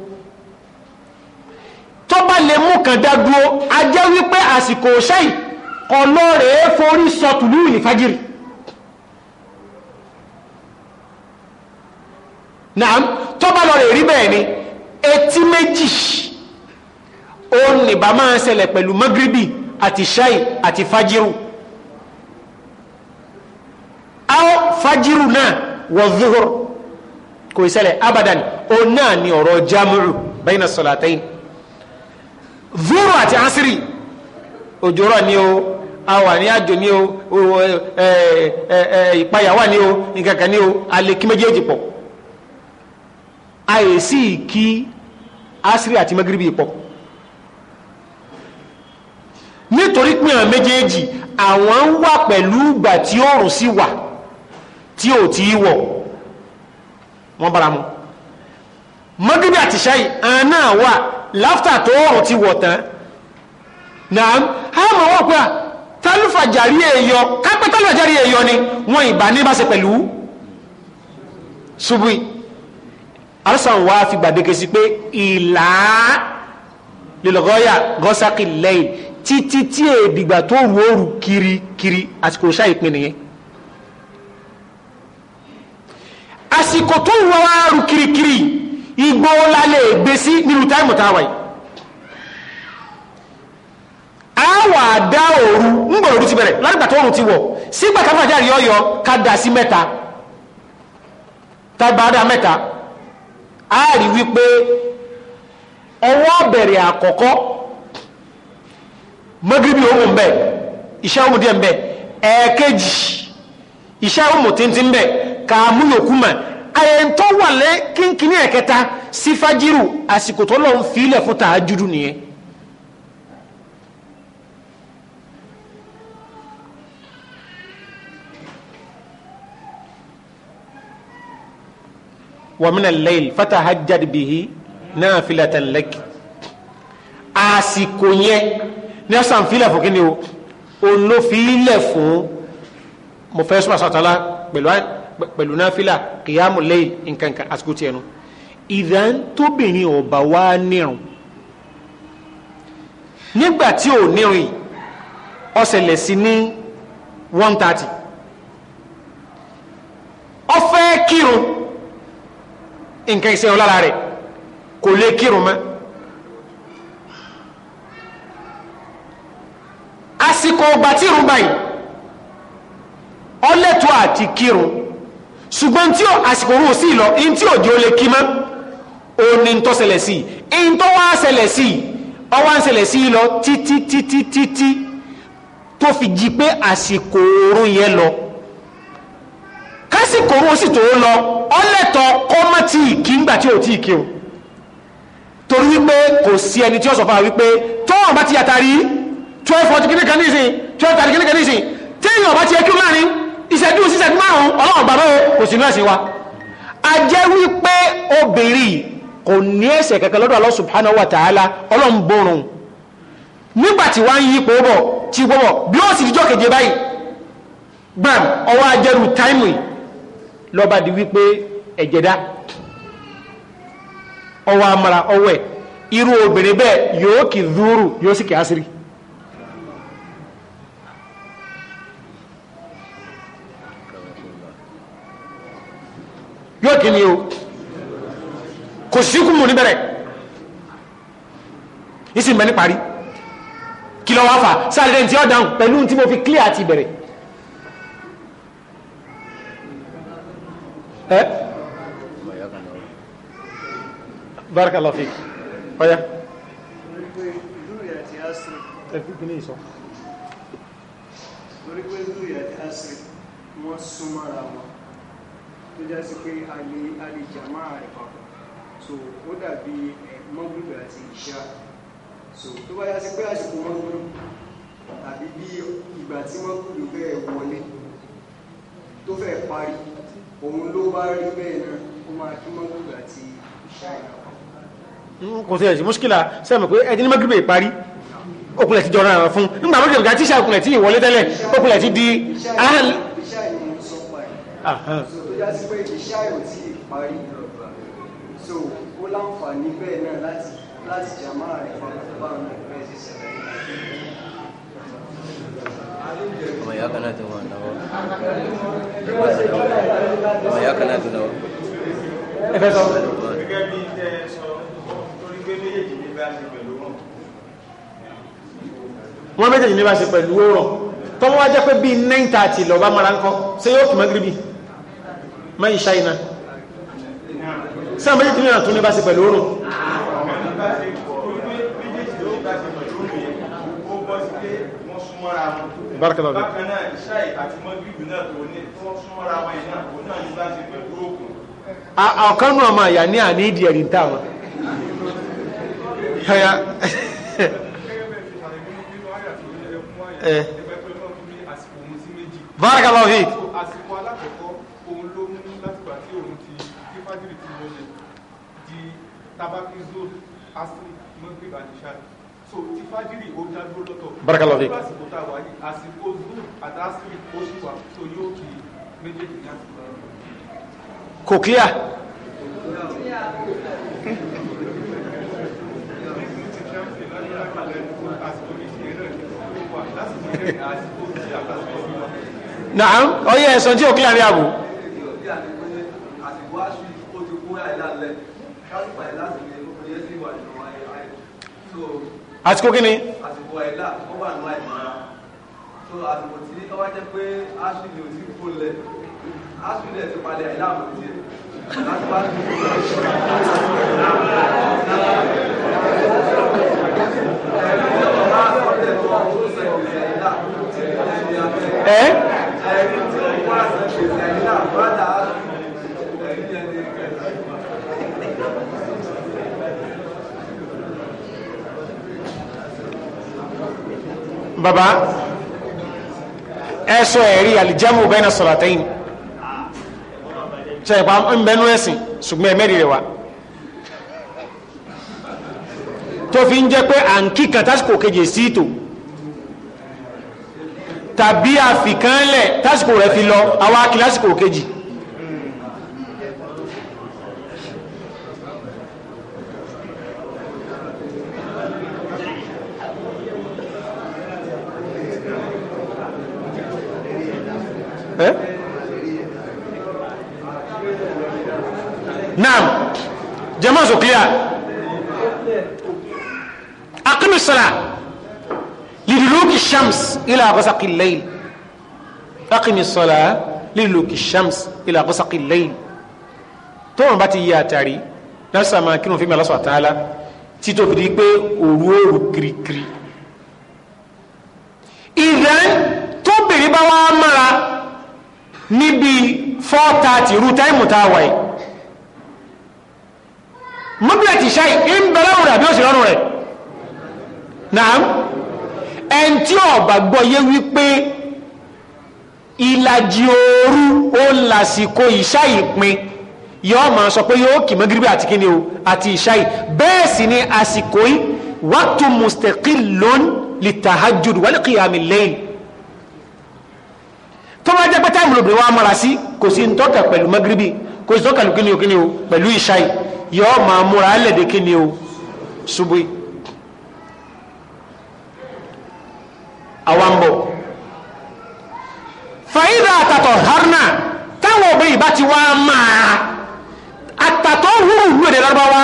tó bá lè mú kàn dádúró a jẹ́ wípé àsìkò ṣáì ọlọ́rẹ̀ forí sọtùlú ìfàjìrì náà tó bá lọ rẹ̀ rí bẹ́ẹ̀ ni etí méjì òun nìbá máa ń pẹ̀lú magribi àti ṣáì àti fàjìrù àwọn fagiru náà wọ́n zuhur kò ìṣẹlẹ̀ abadan òun náà ni ọ̀rọ̀ jámùrù bayna salatayn zuru àti asiri, òjòrò ni o àwa ní àjò ni o ìpayà wà ni o nǹkankan ni o alẹ́ kí méjèèjì pọ̀ àyèsí kí ansiri àti magiribi pọ̀ nítorí pé àwọn méjèèjì àwọn ń wà pẹ̀lú ìgbà tí oòrùn sì wà tí ò tí ì wọ̀ bára mu magiribi àti ṣáì àná wà láftà tó ọ̀rùn ti wọ̀ tán náà a mọ̀ wọ́n pé tálùfàjàrí èyọ kápẹ́ tálùfàjàrí èyọ ni wọ́n ìbá ní báṣe pẹ̀lú ṣubú arsan wa fi gbàdéke sí pé ìlà lílọ́gọ́yà gọ́sákì lẹ́yìn títí tí èdìgbà tó rú òru kirikiri àsìkò ṣáà ìpín nìyẹn àsìkò tó rú àwọn arú kirikiri igbó lálẹ́ ègbé sí nínú táìmù táwà yìí a wà dá òru ń gbọ̀rọ̀ òru ti bẹ̀rẹ̀ lágbà tó òrùn ti wọ̀ sígbà káfàjá ọyọ ká sí mẹ́ta tàbádá mẹ́ta a rí wípé ọwọ́ bẹ̀rẹ̀ àkọ́kọ́ mọ́gírí ohun bẹ̀ iṣẹ́ ohun díẹ̀ bẹ̀ ẹ̀ẹ̀kejì iṣẹ́ ohun tí ń ti ń ka kàmúyòkú àyẹ̀ntọ́ wà lẹ́ kínkínní ẹ̀kẹta sí fájírù àsìkò tó lọ́n fílẹ̀ fún tàájúdù nìyẹn wàmínà lẹ́yìn fatahajjad bihi nafilatan lak àsìkò yẹn ní ọ̀sán fílẹ̀ fún kíni o òun ló fílẹ̀ fún mọ̀fẹ́sùmọ̀ pẹ̀lú àyẹ̀ pẹ̀lú náfìlà kìyàmù lẹ́yìn nǹkan kan àsìkò tiẹ̀ nu ìdán tóbìnrin ọba wa nírun nígbà tí ò nírun yìí ọ̀sẹ̀lẹ̀ sí ní one thirty ọfẹ́ kírun nǹkan ìṣẹ́yìn lára rẹ̀ kò lè kírun mọ́. àsìkò ọgbà tí irun báyìí ọlẹ́tọ̀ àti kírun ṣùgbọ́n tí àsìkò rú sí lọ in tí òjò lè kí mọ́ o ní tó ṣẹlẹ̀ sí in tó wá ṣẹlẹ̀ sí ọwá ń ṣẹlẹ̀ sí lọ títí títí títí tó fi jí pé àsìkò oorun yẹn lọ kásìkò oorun sì tó lọ ọlẹ́tọ̀ kọ́mọ́ tí kì í gbà tí ò tí kí o torí wípé kò sí ẹni tí ó sọ fún wa wípé tó wọn bá ti yàtàrí twelve forty kìnnìkan nísìn twelve thirty kìnnìkan nísìn téèyàn bá ti yẹ kí o láàrin ìṣẹ́jú síṣẹ́jú márùn-ún ọlọ́run bàbá o kò sí mẹ́sìn wa a jẹ́ wípé obìnrin kò ní ẹ̀ṣẹ̀ kẹ̀kẹ́ lọ́dọ̀ Allah subhanahu wa ta'ala ọlọ́run borun nígbàtí wá ń yípo bọ̀ tí gbọ́bọ̀ bí ó sì díjọ́ keje báyìí gbàm ọwọ́ di wípé ẹ̀jẹ̀dá ọwọ́ amara ọwọ́ ẹ̀ irú obìnrin bẹ́ẹ̀ yóò kì zúrù yóò kí ni o kò síkùn mú níbẹ̀rẹ̀ ìsìn bẹ́ẹ̀ ní parí kí lọ wá fà sáré tí ó dáhùn pẹ̀lú tí mo fi clear àti ìbẹ̀rẹ̀ ẹ́ barakallahu fik ọ̀yá ẹ̀fíkìní ìsọ torí pé lórí àti asiri wọ́n súnmọ́ra wọn tó já sí pé a lè a lè jà máa rẹ̀ papọ̀ so ó dàbí mọ́gbùrù àti ìṣá so tó bá já sí pé àsìkò mọ́gbùrù tàbí bí ìgbà tí mọ́gbùrù bẹ́ẹ̀ wọlé tó fẹ́ parí òun ló bá rí bẹ́ẹ̀ náà ó máa kí mọ́gbùrù àti ìṣá ìrànwọ́ kò sí ẹ̀sìn múṣkìlá sẹ́mọ̀ pé ẹ̀dín mẹ́gbẹ̀ẹ́ ìparí okùnlẹ̀ ti jọra fún nígbà mọ́jọ̀ ìgbà tíṣà okùnlẹ̀ tí ìwọlé tẹ́lẹ̀ okùnlẹ̀ ti di ahàlì so tó sí pé iṣẹ́ àìrò tí parí so ó láǹfààní bẹ́ẹ̀ náà láti láti jàmá rẹ̀ papọ̀ báwọn náà sí sẹ̀rẹ̀ ọmọ kan náà ti wọn náwó ọmọ kan náà ti náwó. ẹ fẹ́ sọ. gẹ́gẹ́ bí ẹ sọ torí pé méjèèjì ní bá ṣe pẹ̀lú wọn. wọ́n méjèèjì ní bá ṣe pẹ̀lú wọn tọ́wọ́ wá jẹ́ pé bíi nine thirty bá mara ń kọ́ ṣé yóò kì mọ́ bíi ma ìṣá iná sáàmì ìdílé náà tún ní bá sí pẹ̀lú oòrùn bárakàlá ọ̀dọ̀ bákan náà ìṣá àti mọ́gìrìbì náà tó ní tó súnmọ́ra wọn iná kò náà ní bá sí pẹ̀lú òkun àní ìdí ẹ̀rí táwọn bárakàlá ọ̀hìn tabaki zoro asiri mọ́gbé ìbàdìṣà so ti fi àsìkò tá naam ọyẹ ẹ̀sán tí ó clear ní àsìkò kí ni. àsìkò ẹ̀dá tó wà ní àìmọ́ra tó àsìkò tí ọba jẹ́ pé ashley ò sí kó lẹ̀ ashley ẹ̀ ti palẹ̀ ẹ̀dá àmọ̀ tiẹ̀ láti bá tó kó lẹ̀. ẹ̀. ẹ̀ baba ẹ sọ ẹ̀rí alìjámù bẹ́ẹ̀ na sọ̀rọ̀tẹ́yìn ṣe ìpa ń bẹnu ẹ̀sìn ṣùgbọ́n ẹ̀mẹ́rì rẹ̀ wá tó fi ń jẹ́ pé à ń kí kàtàsìkò kejì sí ìtò tàbí àfikánlẹ̀ tásìkò rẹ̀ fi lọ àwọn akílásìkò kejì Eh? naam jama so clear aqimi sala liduluki shams ila ghasaqi al-layl aqimi sala liduluki shams ila ghasaqi al-layl tó wọ́n bá ti yí àtàrí lásà máa kírun fún mi Allah subhanahu wa ta'ala tí tó fi di pé òru òru kirikiri ìdán tó bèrè bá wá mára níbi 4:30 thirty ru táìmù tá a wáyé mọ́bílẹ̀ ti ṣáì ń bẹ̀rẹ̀ òun rẹ̀ àbí ó sì rọrùn rẹ̀ náà ẹn tí ọ̀bà gbọ́yé wípé ìlàjì òru ó lásìkò ìṣáì pin yóò máa sọ pé yóò kì mọ́gíríbì àti kíni o àti ìṣáì bẹ́ẹ̀ sì ni àsìkò yìí waqtu mustaqillun tó bá jẹ́ pé táìmù lóbìnrin wa mọ́ra sí kò sí ntọ́ka pẹ̀lú magribi kò sí ntọ́ka kíni o kíni o pẹ̀lú ìṣáì yọ máa múra lẹ́dẹ̀ kíni o ṣubú àwa ń bọ̀. fàyídà àtàtọ̀ harna táwọn obìnrin bá ti wá máa àtàtọ̀ wúrú wúrú èdè lárúbáwá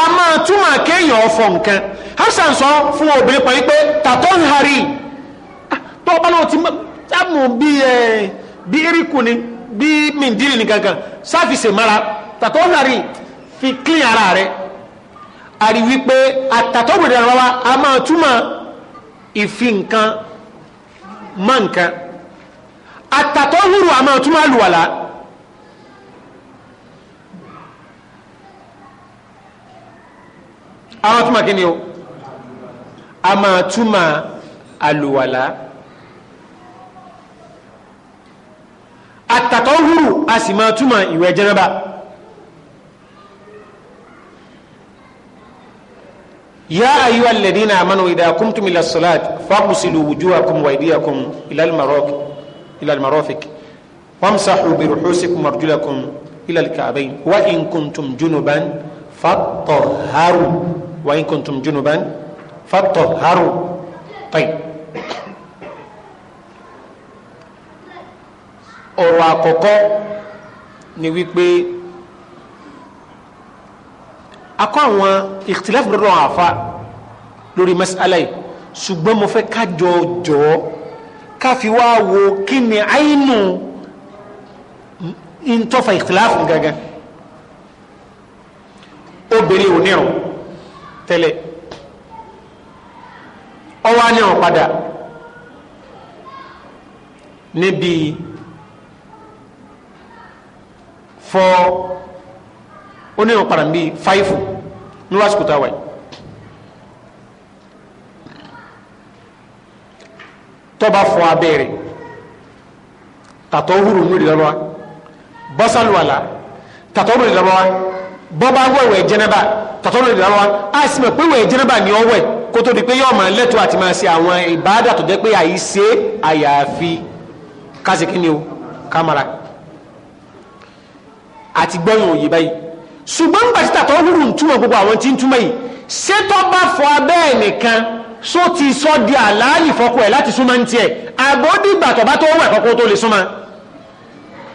a máa túmọ̀ kéèyàn ọ̀fọ̀ nǹkan hasan sọ fún obìnrin pẹ̀lú pé tàtọ̀ ń harí tó bá náà ti máa támù bí ẹ bi irikù ni bí mìndírì ni kankan sáfìsì mara tàtọ́ nàrí fi clean ara rẹ àrí wípé àtàtọ́ gbèdè ara wa a máa túmọ̀ ìfi nǹkan mọ́ nǹkan àtàtọ́ húrù a máa túmọ̀ àlùwàlà. àwọn túmọ̀ kí o a máa túmọ̀ àlùwàlà. àtàtọ̀húrù a sì máa túmọ̀ ìwẹ̀ jẹ́nàbà yá ayú alladhina amanu idha kumtum ila salat faghsilu wujuhakum wa aydiyakum ila al-marafiq wamsahu bi ruhusikum arjulakum ila al-ka'bayn wa in kuntum junuban fatahharu wa in kuntum junuban fatahharu tayyib ọ̀rọ̀ àkọ́kọ́ ni wípé akọ́ àwọn ìtìlẹ́fù lọ́rọ̀ àfa lórí mas'ala yìí ṣùgbọ́n mo fẹ́ ká jọ jọ ká fi wá wo kí ni àínú ntọ́fà ìtìlẹ́fù gangan obìnrin ò nírun tẹ́lẹ̀ ọwọ́ á nírun padà níbi fọ onírò padà bíi fáìfù ní wàásù tá a wáyé. tọba fọ abẹ́rẹ́ tatọ huru nu lọrọ wa bọsaluwala tatọ huru lọrọ wa bọba wẹwẹ jẹnẹba tatọ huru lọrọ wa a sì mọ̀ pé wẹ jẹnẹba ni ọwẹ kótó di pé yọọ lẹ́tọ̀ àti máa ṣe àwọn ìbáàdà tó jẹ́ pé àyíṣe àyàfi kásìkí ni o kámara àti gbọ́yìn òye báyìí ṣùgbọ́n gbàtítà tó hùrù ń túmọ̀ gbogbo àwọn tí ń túmọ̀ yìí ṣé tó bá fọ abẹ́ ẹ̀ só ti sọ di àlàálì fọ́kọ ẹ̀ láti súnmọ́ ní tiẹ̀ àbódìgbà tó bá tó wẹ̀ kọ́kọ́ tó lè súnmọ́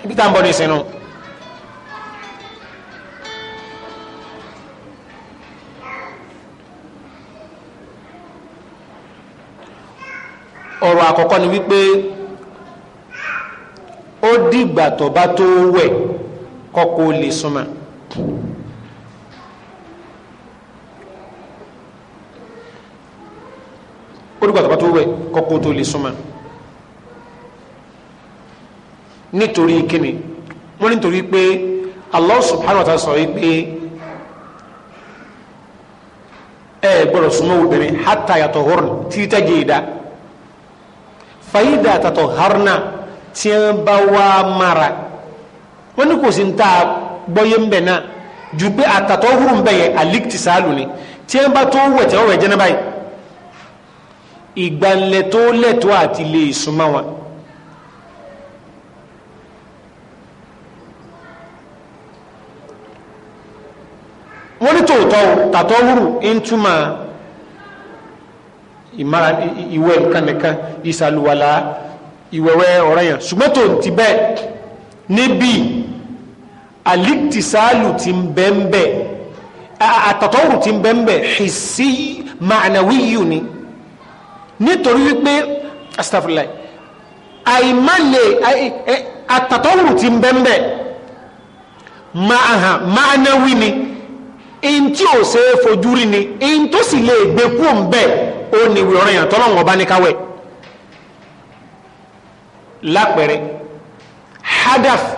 ibi tá ń bọ̀ ní ìsinú. ọ̀rọ̀ àkọ́kọ́ ni wípé ó dìgbà tó bá tó wẹ̀ kọkó lè súnmọ́ ó dùgbà tó bá tó wẹ̀ kọkó tó lè súnmọ́ nítorí kíni wọ́n nítorí pé Allah subhanahu wa ta'ala sọ wípé ẹ gbọ́dọ̀ súnmọ́ obìnrin hátà yàtọ̀ hóró títẹ́jì ìdá fàyídà tàtọ̀ hárnà tí bá wá mara wọ́n ní kò sí ń ta gbọ́yé ń bẹ̀ náà ju pé àtàtọ̀ hùrù ń bẹ̀ yẹ àlíkìtì sáàlù ni tí ẹ bá tó wẹ̀ tí wọ́n wẹ̀ jẹ́ náà báyìí ìgbàlẹ̀ tó lẹ̀tọ́ àti lè súnmọ́ wọn. wọ́n ní tòótọ́ tàtọ́ hùrù ń ìmára ìwẹ̀ nǹkanìkan ìsàlùwàlà ìwẹ̀wẹ̀ ọ̀rẹ́yàn ṣùgbọ́n tó ti bẹ́ẹ̀ níbi aliktisaalu ti ń bẹ́ńbẹ́ àtàtọ́rù ti ń bẹ́ńbẹ́ hissi ma'nawiyu ni nítorí wípé astagfirullah àìmálè àtàtọ́rù ti ń bẹ́ńbẹ́ ma'aha ma'nawi ni in tí ò ṣe é fojú ni in tó sì lè gbé kúò ó ní ìwòrán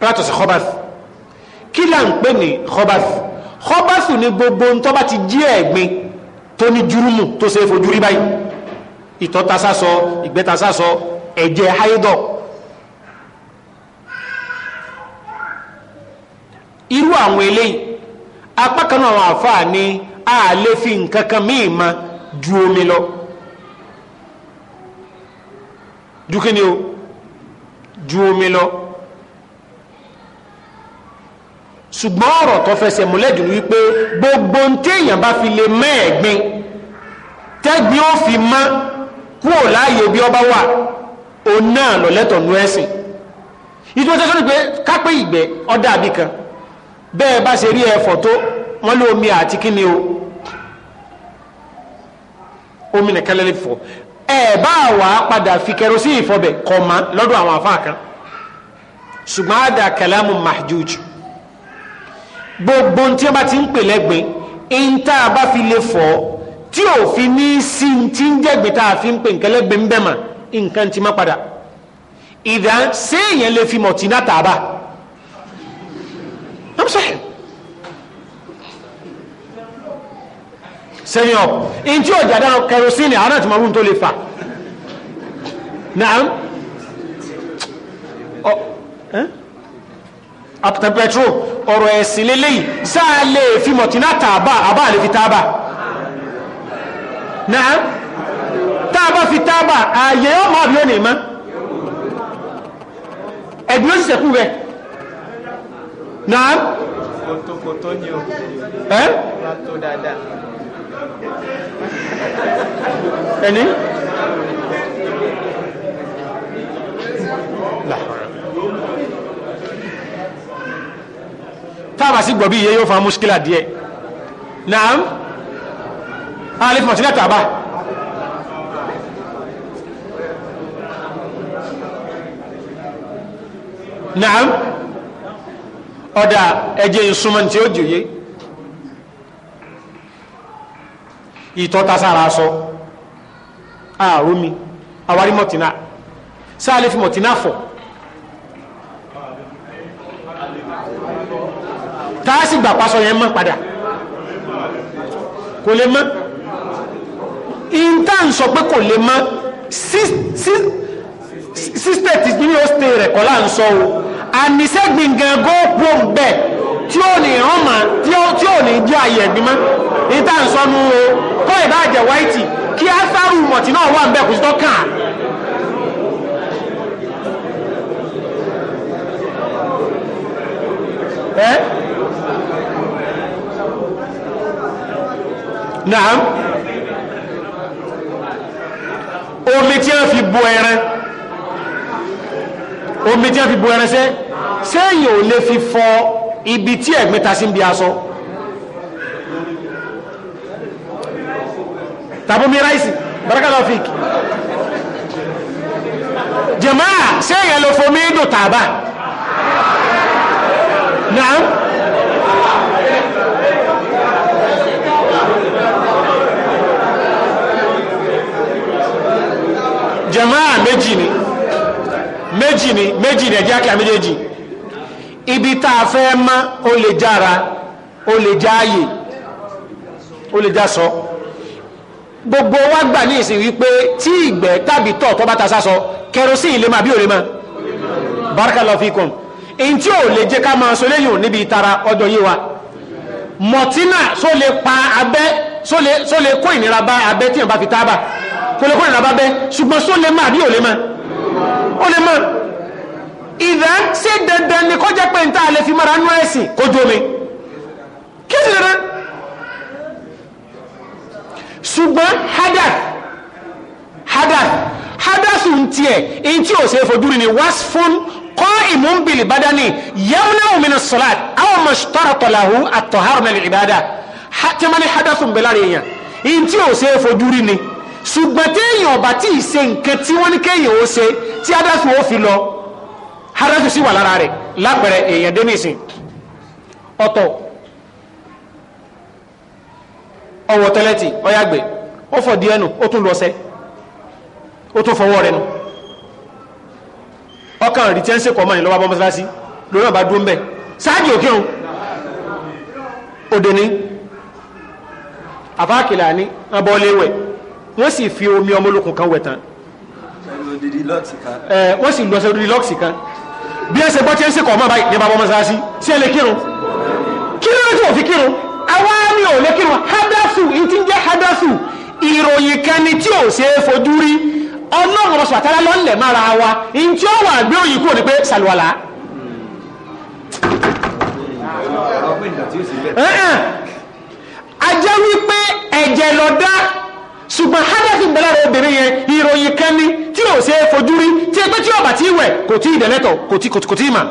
látọ̀ sí khabath kí là ń pè ní khabath khabath ní gbogbo ntọ́ bá ti jí ẹ̀gbin tó ní júrúmù tó ṣe é fojú rí báyìí ìtọ̀ ta sásọ ìgbẹ́ ta sásọ ẹ̀jẹ̀ háídọ̀ irú àwọn eléyìí apá kan náà àwọn ní a lè fi nǹkan kan míì ma ju omi lọ ju kí ni o ju omi lọ ṣùgbọ́n ọ̀rọ̀ tó fẹsẹ̀ múlẹ̀dùn wípé gbogbo ń téèyàn bá fi lè mẹ́ẹ̀gbin tẹ́gbí ó fi mọ́ kúrò láàyè bí ọba wà òun náà lọ́lẹ́tọ̀ nú ẹ̀sìn ìtú ọjọ́ sọ́nà pé kápẹ́ ìgbẹ́ ọ̀dà àbí kan bẹ́ẹ̀ bá ṣe rí ẹ̀fọ́ tó wọ́n lé omi àti kíni o omi nìkan lẹ́lẹ́ fọ́ ẹ̀ bá wà á padà fi kẹrosíì fọbẹ̀ kọ̀ lọ́dọ̀ àwọn àfáà kan ṣùgbọ́n àdà kẹlámù mahjuj gbogbo tí wọ́n bá ti ń pè lẹ́gbin in tá a bá fi lè fọ́ tí ò fi ní sí tí ń jẹ́gbin tá a fi ń pè nǹkan lẹ́gbin bẹ́ẹ̀ mà nǹkan ti má padà ìdá séèyàn lè fi mọ̀tí náà tàbá amsahi sẹ́yìn ọ̀ in tí ò jàdá kẹrosínì àwọn àti mọ̀rún tó lè fà náà ọ̀ ẹ́ àpùtàn petro ọ̀rọ̀ ẹ̀sìn lélẹ́yìn sáà lè fi mọ̀tínà tààbà àbá lè fi tààbà náà tààbà fi tààbà ààyè ọmọ àbí ọ̀nà ìmọ̀ ẹ̀dùn ló sì sẹ̀kú rẹ̀ náà kòtòkòtò ẹni. táàbà sí gbọ̀bí iye yóò fa muskila díẹ̀ naam alif mọ̀tílẹ̀ tàbá naam ọ̀dà ẹjẹ́ ìsúnmọ̀ tí ó jòyé ìtọ́tasára sọ ààrùn mi àwárí mọ̀tíná sáà alif mọ̀tíná fọ̀ táàsì gbà pásọ yẹn mọ́ padà kò lè mọ́ intan sọ pé kò lè mọ́ sísítẹ̀tì ní ó stay rẹ̀ kọ́ ń sọ o àníṣẹ́gbìn gan góòpù bẹ̀ tí ò ní ọmọ tí ò ní jẹ́ àyè ẹ̀gbìn mọ́ intan sọ nu o kọ́ ìbáàjẹ́ wáìtì kí á fárú mọ̀tì náà wà ń bẹ̀ kò sí kàn án. ẹ́ naam omi tí a fi bọ ẹran omi tí a fi bọ ẹran sẹ́ sẹ́yìn ò lè fi fọ ibi tí ẹ̀gbẹ́ta sí ń bí aṣọ tàbí ráìsì barakallahu fik jẹ̀máà sẹ́yìn ló fomi dùn tàbá naam. méjì ni méjì nàìjíríà kí a méjèèjì ibi tá a fẹ́ mọ́ ó lè jára o lè já ààyè ó lè já sọ gbogbo wa gbà ní ìsìn wípé tí ìgbẹ́ tàbí tọ̀ tó bá ta sásọ kẹrosíìn lè máa bí ò lè máa barakallahu fikum èyí tí ò lè jẹ́ ká máa sọ léyìn níbi ìtara ọjọ́ yìí wa mọ̀tínà só lè pa abẹ́ só lè kó ìnira bá abẹ́ tí yàn bá fi tábà kó lè kó ìnira bá abẹ́ ṣùgbọ́n só lè máa bí ò máa ó lè máa ìdá ṣé dandan ni kọjá pé níta lè fi mara nú ẹ̀sìn kó jómi kí sì dandan ṣùgbọ́n hadar hadar hadar sùn tiẹ̀ in tí ò ṣe fojú ni wasfun قائم بالبدن يمنع من الصلاة أو ما اشترط له الطهارة من العبادة حتى من حدث بلا ريا إن تي ó ṣe fojúrí ni ṣùgbọ́n téèyàn bá tí ì ṣe nǹkan tí wọ́n ní kéèyàn ó ṣe tí adásùn ó fi lọ haraju sí wà lára rẹ̀ lápẹ̀rẹ̀ èèyàn dé nìsín ọ̀tọ̀ ọwọ́ tẹ́lẹ̀tì ọyàgbẹ́ ó fọ̀ díẹ̀ nù ó tún lọ sẹ́ ó tún fọwọ́ rẹ̀ nù ọkàn rí tí ń sèkọ̀ mọ́ni lọ́wọ́ bọ́ mọ́sálásí lórí ọba dúró ń bẹ̀ sáájì òkè òdè ní àfáàkìlà ní abọ́ wọ́n sì fi omi ọmọlókun kan wẹ̀ wọ́n sì lọ sí odidi kan bí ẹsẹ̀ gbọ́ tí ń sìnkọ̀ ọmọ báyìí ní bàbá mọ́sáàsì sí ẹlẹ́ kírun kírun tí wọ́n fi kírun àwa ni ò lè kírun hadasu ìtí ń jẹ́ hadasu ìròyìn kan ni tí ò ṣe é fojú rí ọlọ́run ọ̀sùn àtàlá lọ́nlẹ̀ mára wa ní tí ó wà gbé òyìn kúrò ní pé sàlùwàlà ajẹ́ wípé ẹ̀jẹ̀ lọ dá ṣùgbọ́n hádàsí bẹ̀lára obìnrin yẹn ìròyìn kan ní tí ò ṣe é fojú rí tí ẹgbẹ́ tí ọ̀bà tí wẹ̀ kò tí ìdẹ̀lẹ́tọ̀ kò tí mà.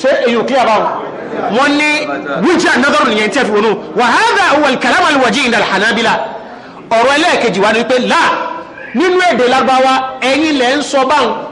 ṣé èyí ò kí àbá wọn ní wíjì ànádọ́rù nìyẹn tí a fi wọnú wàhálà àwọn kàlámà wàjí ìdá hànábílà ọ̀rọ̀ ẹlẹ́ẹ̀kejì wa ni pé láà nínú èdè lárúbáwá ẹ̀yin lẹ́ ń sọ báwọn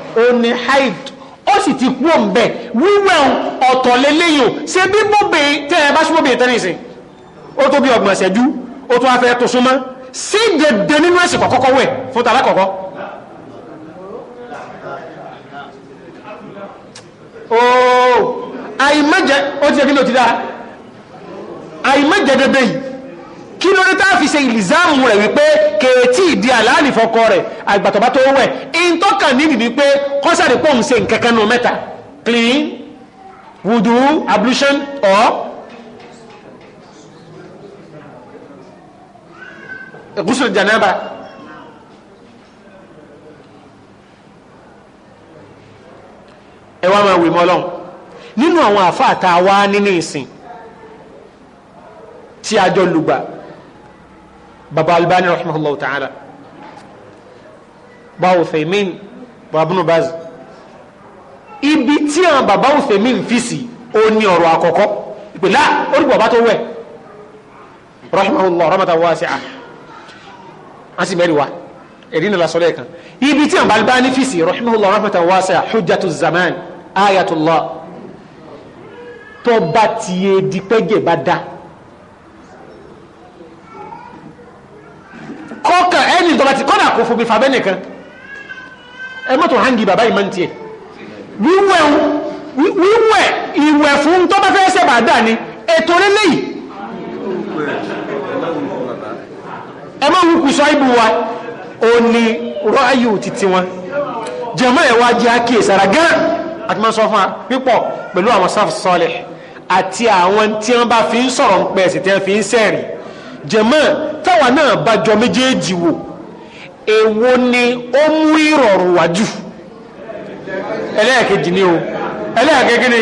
òní haid ó sì ti kú òǹbẹ̀ wíwẹ̀ ọ̀tọ̀ lélẹ́yìn o ṣe bí bóbe tẹ́ ẹ bá ṣubóbe tẹ́ nìsín ó tó bí ọgbọ̀n ṣẹ́jú ó tó afẹ́ tó súnmọ́ sí dẹ̀dẹ̀ nínú ẹ̀sìn kọ̀kọ́kọ́ wẹ̀ fún tàlá kọ̀kọ́ ooo àìmẹ́jẹ ó ti ṣe ló ti dáa àìmẹ́jẹ dẹ̀dẹ̀ yìí kí ló dé táà fi ṣe ìlìzáàmù rẹ̀ wípé kèétí ìdí àlàálì fọkọ rẹ̀ àgbàtọ̀bá tó wẹ̀ ìtọ́kà níbi wípé kọ́sàdì pọ̀ ń ṣe nkankan nù mẹ́ta clean wudu ablution or ghusl janaba ẹ wá máa wì mọ́ lọ́hùn nínú àwọn àfáà tá a wá nínú ìsìn tí a jọ lùgbà baba albani rahimahullahu ta'ala ba uthaymin ba ibn baz ibi tí àwọn baba uthaymin fi sí ó ní ọ̀rọ̀ àkọ́kọ́ ìpìlá orúkọ bá tó wẹ̀ rahimahullahu rahmatan wasi'a a sì mẹ́rin wa èrí nílá sọ́lẹ̀ kan ibi tí àwọn albani fi rahimahullahu rahmatan wasi'a hujjatu zaman ayatullah tó bá tiye dípẹ́gẹ̀ bá dáa kọ́kà ẹni tọ́ba ti kọ́nà kò fòbí fàbẹ́ nìkan ẹ mọ́tò hangi bàbá yìí máa ń tiẹ̀ wíwẹ̀ wíwẹ̀ ìwẹ̀ fún tọ́ba fẹ́ ṣe bàdà ni ètò lélẹ́yìí ẹ má wù kùsọ ibù wa ó ní rọ́ọ̀yù títí wọn jẹ̀mọ́ ẹ̀ wá jẹ́ àkíyèsára gán àti máa sọ fún wa pípọ̀ pẹ̀lú àwọn sáfù sọ́ọ̀lẹ̀ àti àwọn tí wọ́n bá fi ń sọ̀rọ̀ pẹ̀ sí tí fi ń sẹ́rìn jẹ̀mọ́ táwa náà bá jọ méjèèjì wò èwo ni ó mú ìrọ̀rùn wájú ẹlẹ́ẹ̀kejì ni o ẹlẹ́ẹ̀kejì ni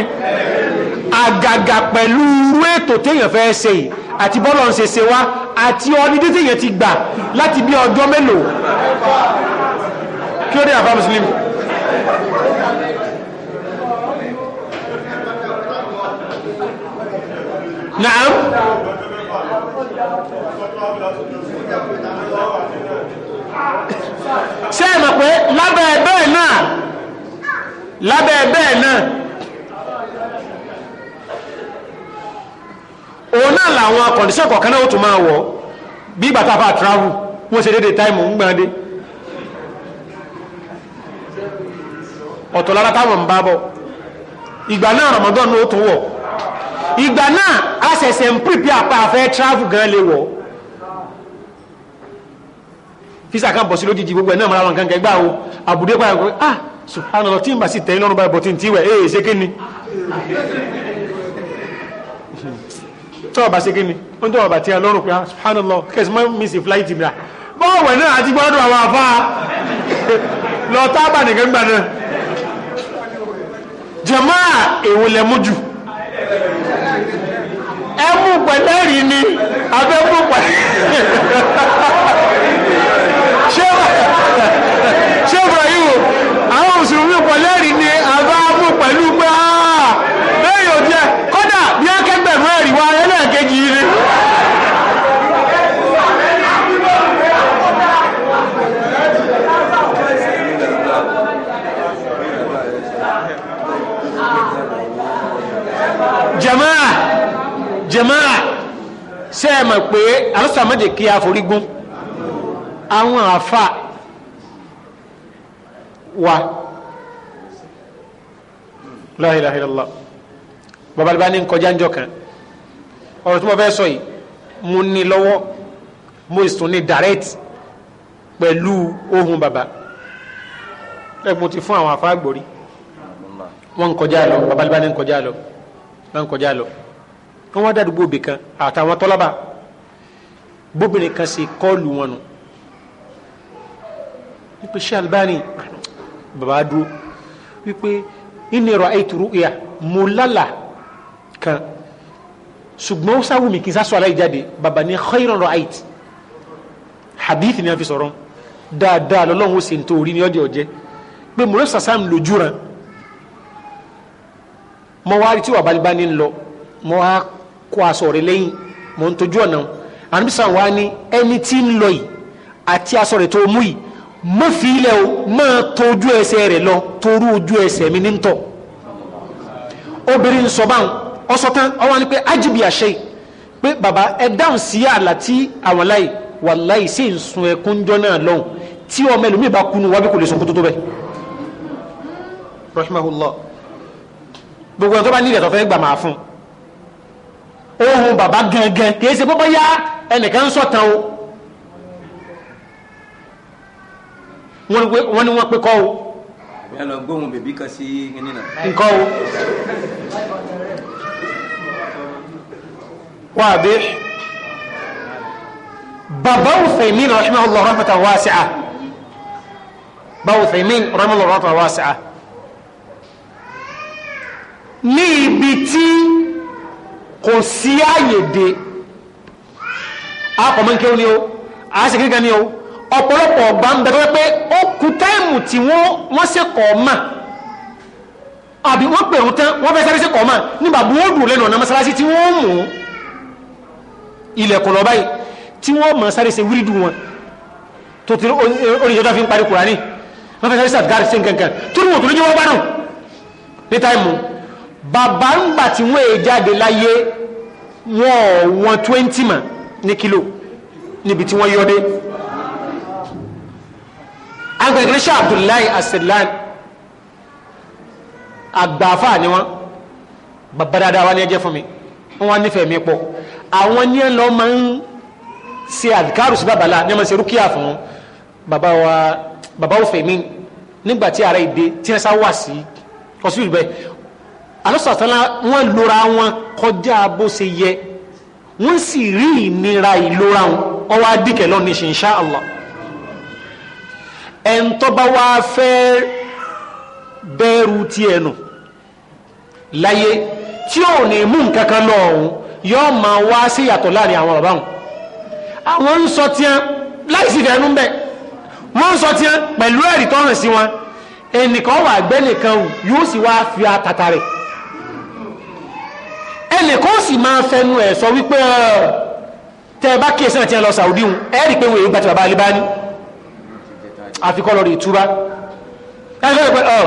àgàgà pẹ̀lú irú ètò téèyàn fẹ́ ṣe yìí àti bọ́lọ̀ ń ṣe ṣe wá àti ọdídé téèyàn ti gbà láti bí ọjọ́ mélòó kí ó dé àbá mùsùlùmí. Naam. ṣé ẹ mọ̀ pé lábẹ́ ẹgbẹ́ náà lábẹ́ ẹgbẹ́ náà òun náà làwọn kọ̀ǹdíṣẹ́ kọ̀ọ̀kan ó tún máa wọ̀ bí bàtà fà travel wọ́n ṣe déédéé táìmù ń ọ̀tọ̀ lára táwọn ń bá bọ̀ ìgbà ìgbà náà a ṣẹ̀ṣẹ̀ ń pèpè àpá àfẹ́ travel gan lè wọ̀ fisa kan bọ̀ sí lójijì gbogbo ẹ̀ náà kankan ẹgbà o àbúdé pa ẹ̀kọ́ ah subhanallah tí n bá sì tẹ̀yìn lọ́rùn báyìí bọ̀tí n tí wẹ̀ ẹ̀ eh, ṣé kí ni tọ́ọ̀bà ṣe kí ni ó ń tọ́ọ̀bà tí ah, subhanallah kẹsì mọ́ mi sì flight mìíràn bọ́ọ̀wẹ̀ náà àti gbọ́dọ̀ àwọn afá lọ tábà nìkan gbà náà jàmáà èwo jù ẹ mú pẹ̀lẹ́rì ni abẹ́ mú pẹ̀lẹ́rì. jẹmáà ṣe é mọ̀ pé àrùsàmọ́dé kí àforígún àwọn àfa wa la ilaha illallah bàbá bá ní nkọjá njọ kan ọ̀rọ̀ tí mo fẹ́ sọ yìí mo ní lọ́wọ́ mo sì tún ní direct pẹ̀lú ohun bàbá ẹgbẹ́ mo ti fún àwọn àfa àgbòrí wọn nkọjá lọ bàbá bá ní nkọjá lọ wọn nkọjá lọ wọn wá dàdúgbò bì kan àtàwọn tọ́lábà bóbìnrin kan ṣe kọ́ọ̀lù wọn nù wípé ṣé Albani bàbá dúró wípé inni ra'aytu ru'ya mo lálà kan ṣùgbọ́n ó sáwù mí kí n sá sọ aláìjáde bàbá ní hadith ni a fi sọ̀rọ̀ dáadáa lọ́lọ́run ó ṣe ń torí ní ọjọ́ pé mo rẹ́ sàsám lójú tí wàá balibá ní lọ kó aṣọ rẹ̀ lẹ́yìn mọ̀ ń tọ́jú ọ̀nà àníbísà wa ni ẹni tí ń lọ yìí àti aṣọ rẹ̀ tó mú yìí mọ́ fi ilẹ̀ o máa tọ́jú ẹsẹ̀ rẹ̀ lọ torú ojú ẹsẹ̀ mi ní tọ̀ obìnrin sọ báwọn ọsọ tán ọwọ́ ni pé ájìbì àṣẹ yìí pé bàbá ẹ dáhùn sí àlà tí àwọn láì wàláì sí ń ẹkún jọ náà lọ́hùn tí ọmọ ẹlòmíì bá kunu wábí kò lè sunkún tó tó bẹ́ẹ̀ gbogbo ẹ̀ tó bá nílẹ̀ tó fẹ́ gbà máa fún un ohun bàbá gangan kìí ṣe pọ́pọ́ yá ẹnìkan ń sọ̀tàn o wọ́n ni wọ́n pe kọ́ o. ìyá lọ gbóhùn bèbí kan sí kíní náà. nǹkan o. wàbí bàbá Uthaymin rahimahullah rahmatan wasi'a bàbá Uthaymin rahimahullah rahmatan wasi'a ní ibi tí kò sí àyèdè akọ̀mọ́nkẹ́ ni o àásìkíríkà ni o ọ̀pọ̀lọpọ̀ ọ̀gbà ń bẹ̀rẹ̀ pé ó kú táìmù tí wọ́n sẹ́kọ̀ ọ̀mà àbí wọ́n pè ń tán wọ́n fẹ́ sáré sẹ́kọ̀ ọ̀mà ní bàbá wọ́n dùn lẹ́nu ọ̀nà mọ́sálásí tí wọ́n mú ilẹ̀kùn lọ báyìí tí wọ́n mọ̀ sáré ṣe wírídù wọn tó ti oníjọ́dá fi ń parí kùránì wọ́n fẹ́ sáré sàgáàrì sí nǹkan kan tó ní wọ́n tó ní wọ́n bá ní táìmù bàbá ń gbà tí wọ́n èjáde láyé wọ́n wọ́n 20 mọ̀ ní kílò níbi tí wọ́n yọ́dé agbègbè ṣe Abdullahi asilan àgbàfà ni wọ́n bàbá dáadáa wá ní ẹjẹ́ fún mi wọ́n nífẹ̀ẹ́ mi pọ̀ àwọn ní ẹlọ máa ń ṣe àdìkárù sí bàbá láà ní ọmọ ṣe rúkìá fún bàbá wa bàbá nígbàtí ààrẹ ìdè tí wọ́n sá wà sí alọ́sọ̀tánlá wọ́n lora wọn kọjá bó ṣe yẹ wọ́n sì rí ìnira ìlora wọn ọwọ́ adìkẹ̀ lọ ní insha Allah ẹ̀ńtọ́ba wa fẹ́ bẹ́ẹ̀rù tiẹ̀ nù láyé tí ò ní mú nǹkan kan lọ ọ̀hún yóò máa wá sí yàtọ̀ láàrin àwọn ọ̀rọ̀ báwọn àwọn ń sọ tiẹ́ láìsí ìfẹ́ ẹnu ń bẹ̀ wọ́n ń sọ tiẹ́ pẹ̀lú ẹ̀rí tọ́rùn sí wọn ẹnìkan wà gbẹ́nìkan yóò sì wá fi àtàtà rẹ̀ ẹnìkan sì máa fẹnu ẹ̀ sọ wípé tẹ́ ẹ bá kíyèsí náà tí ẹ lọ Saudi hun ẹ rí i pé wọn èyí gbàtí bàbá alẹ́ bá ní àfikọ́ lọ rí ìtura ẹ fẹ́ rẹ̀ pé ọ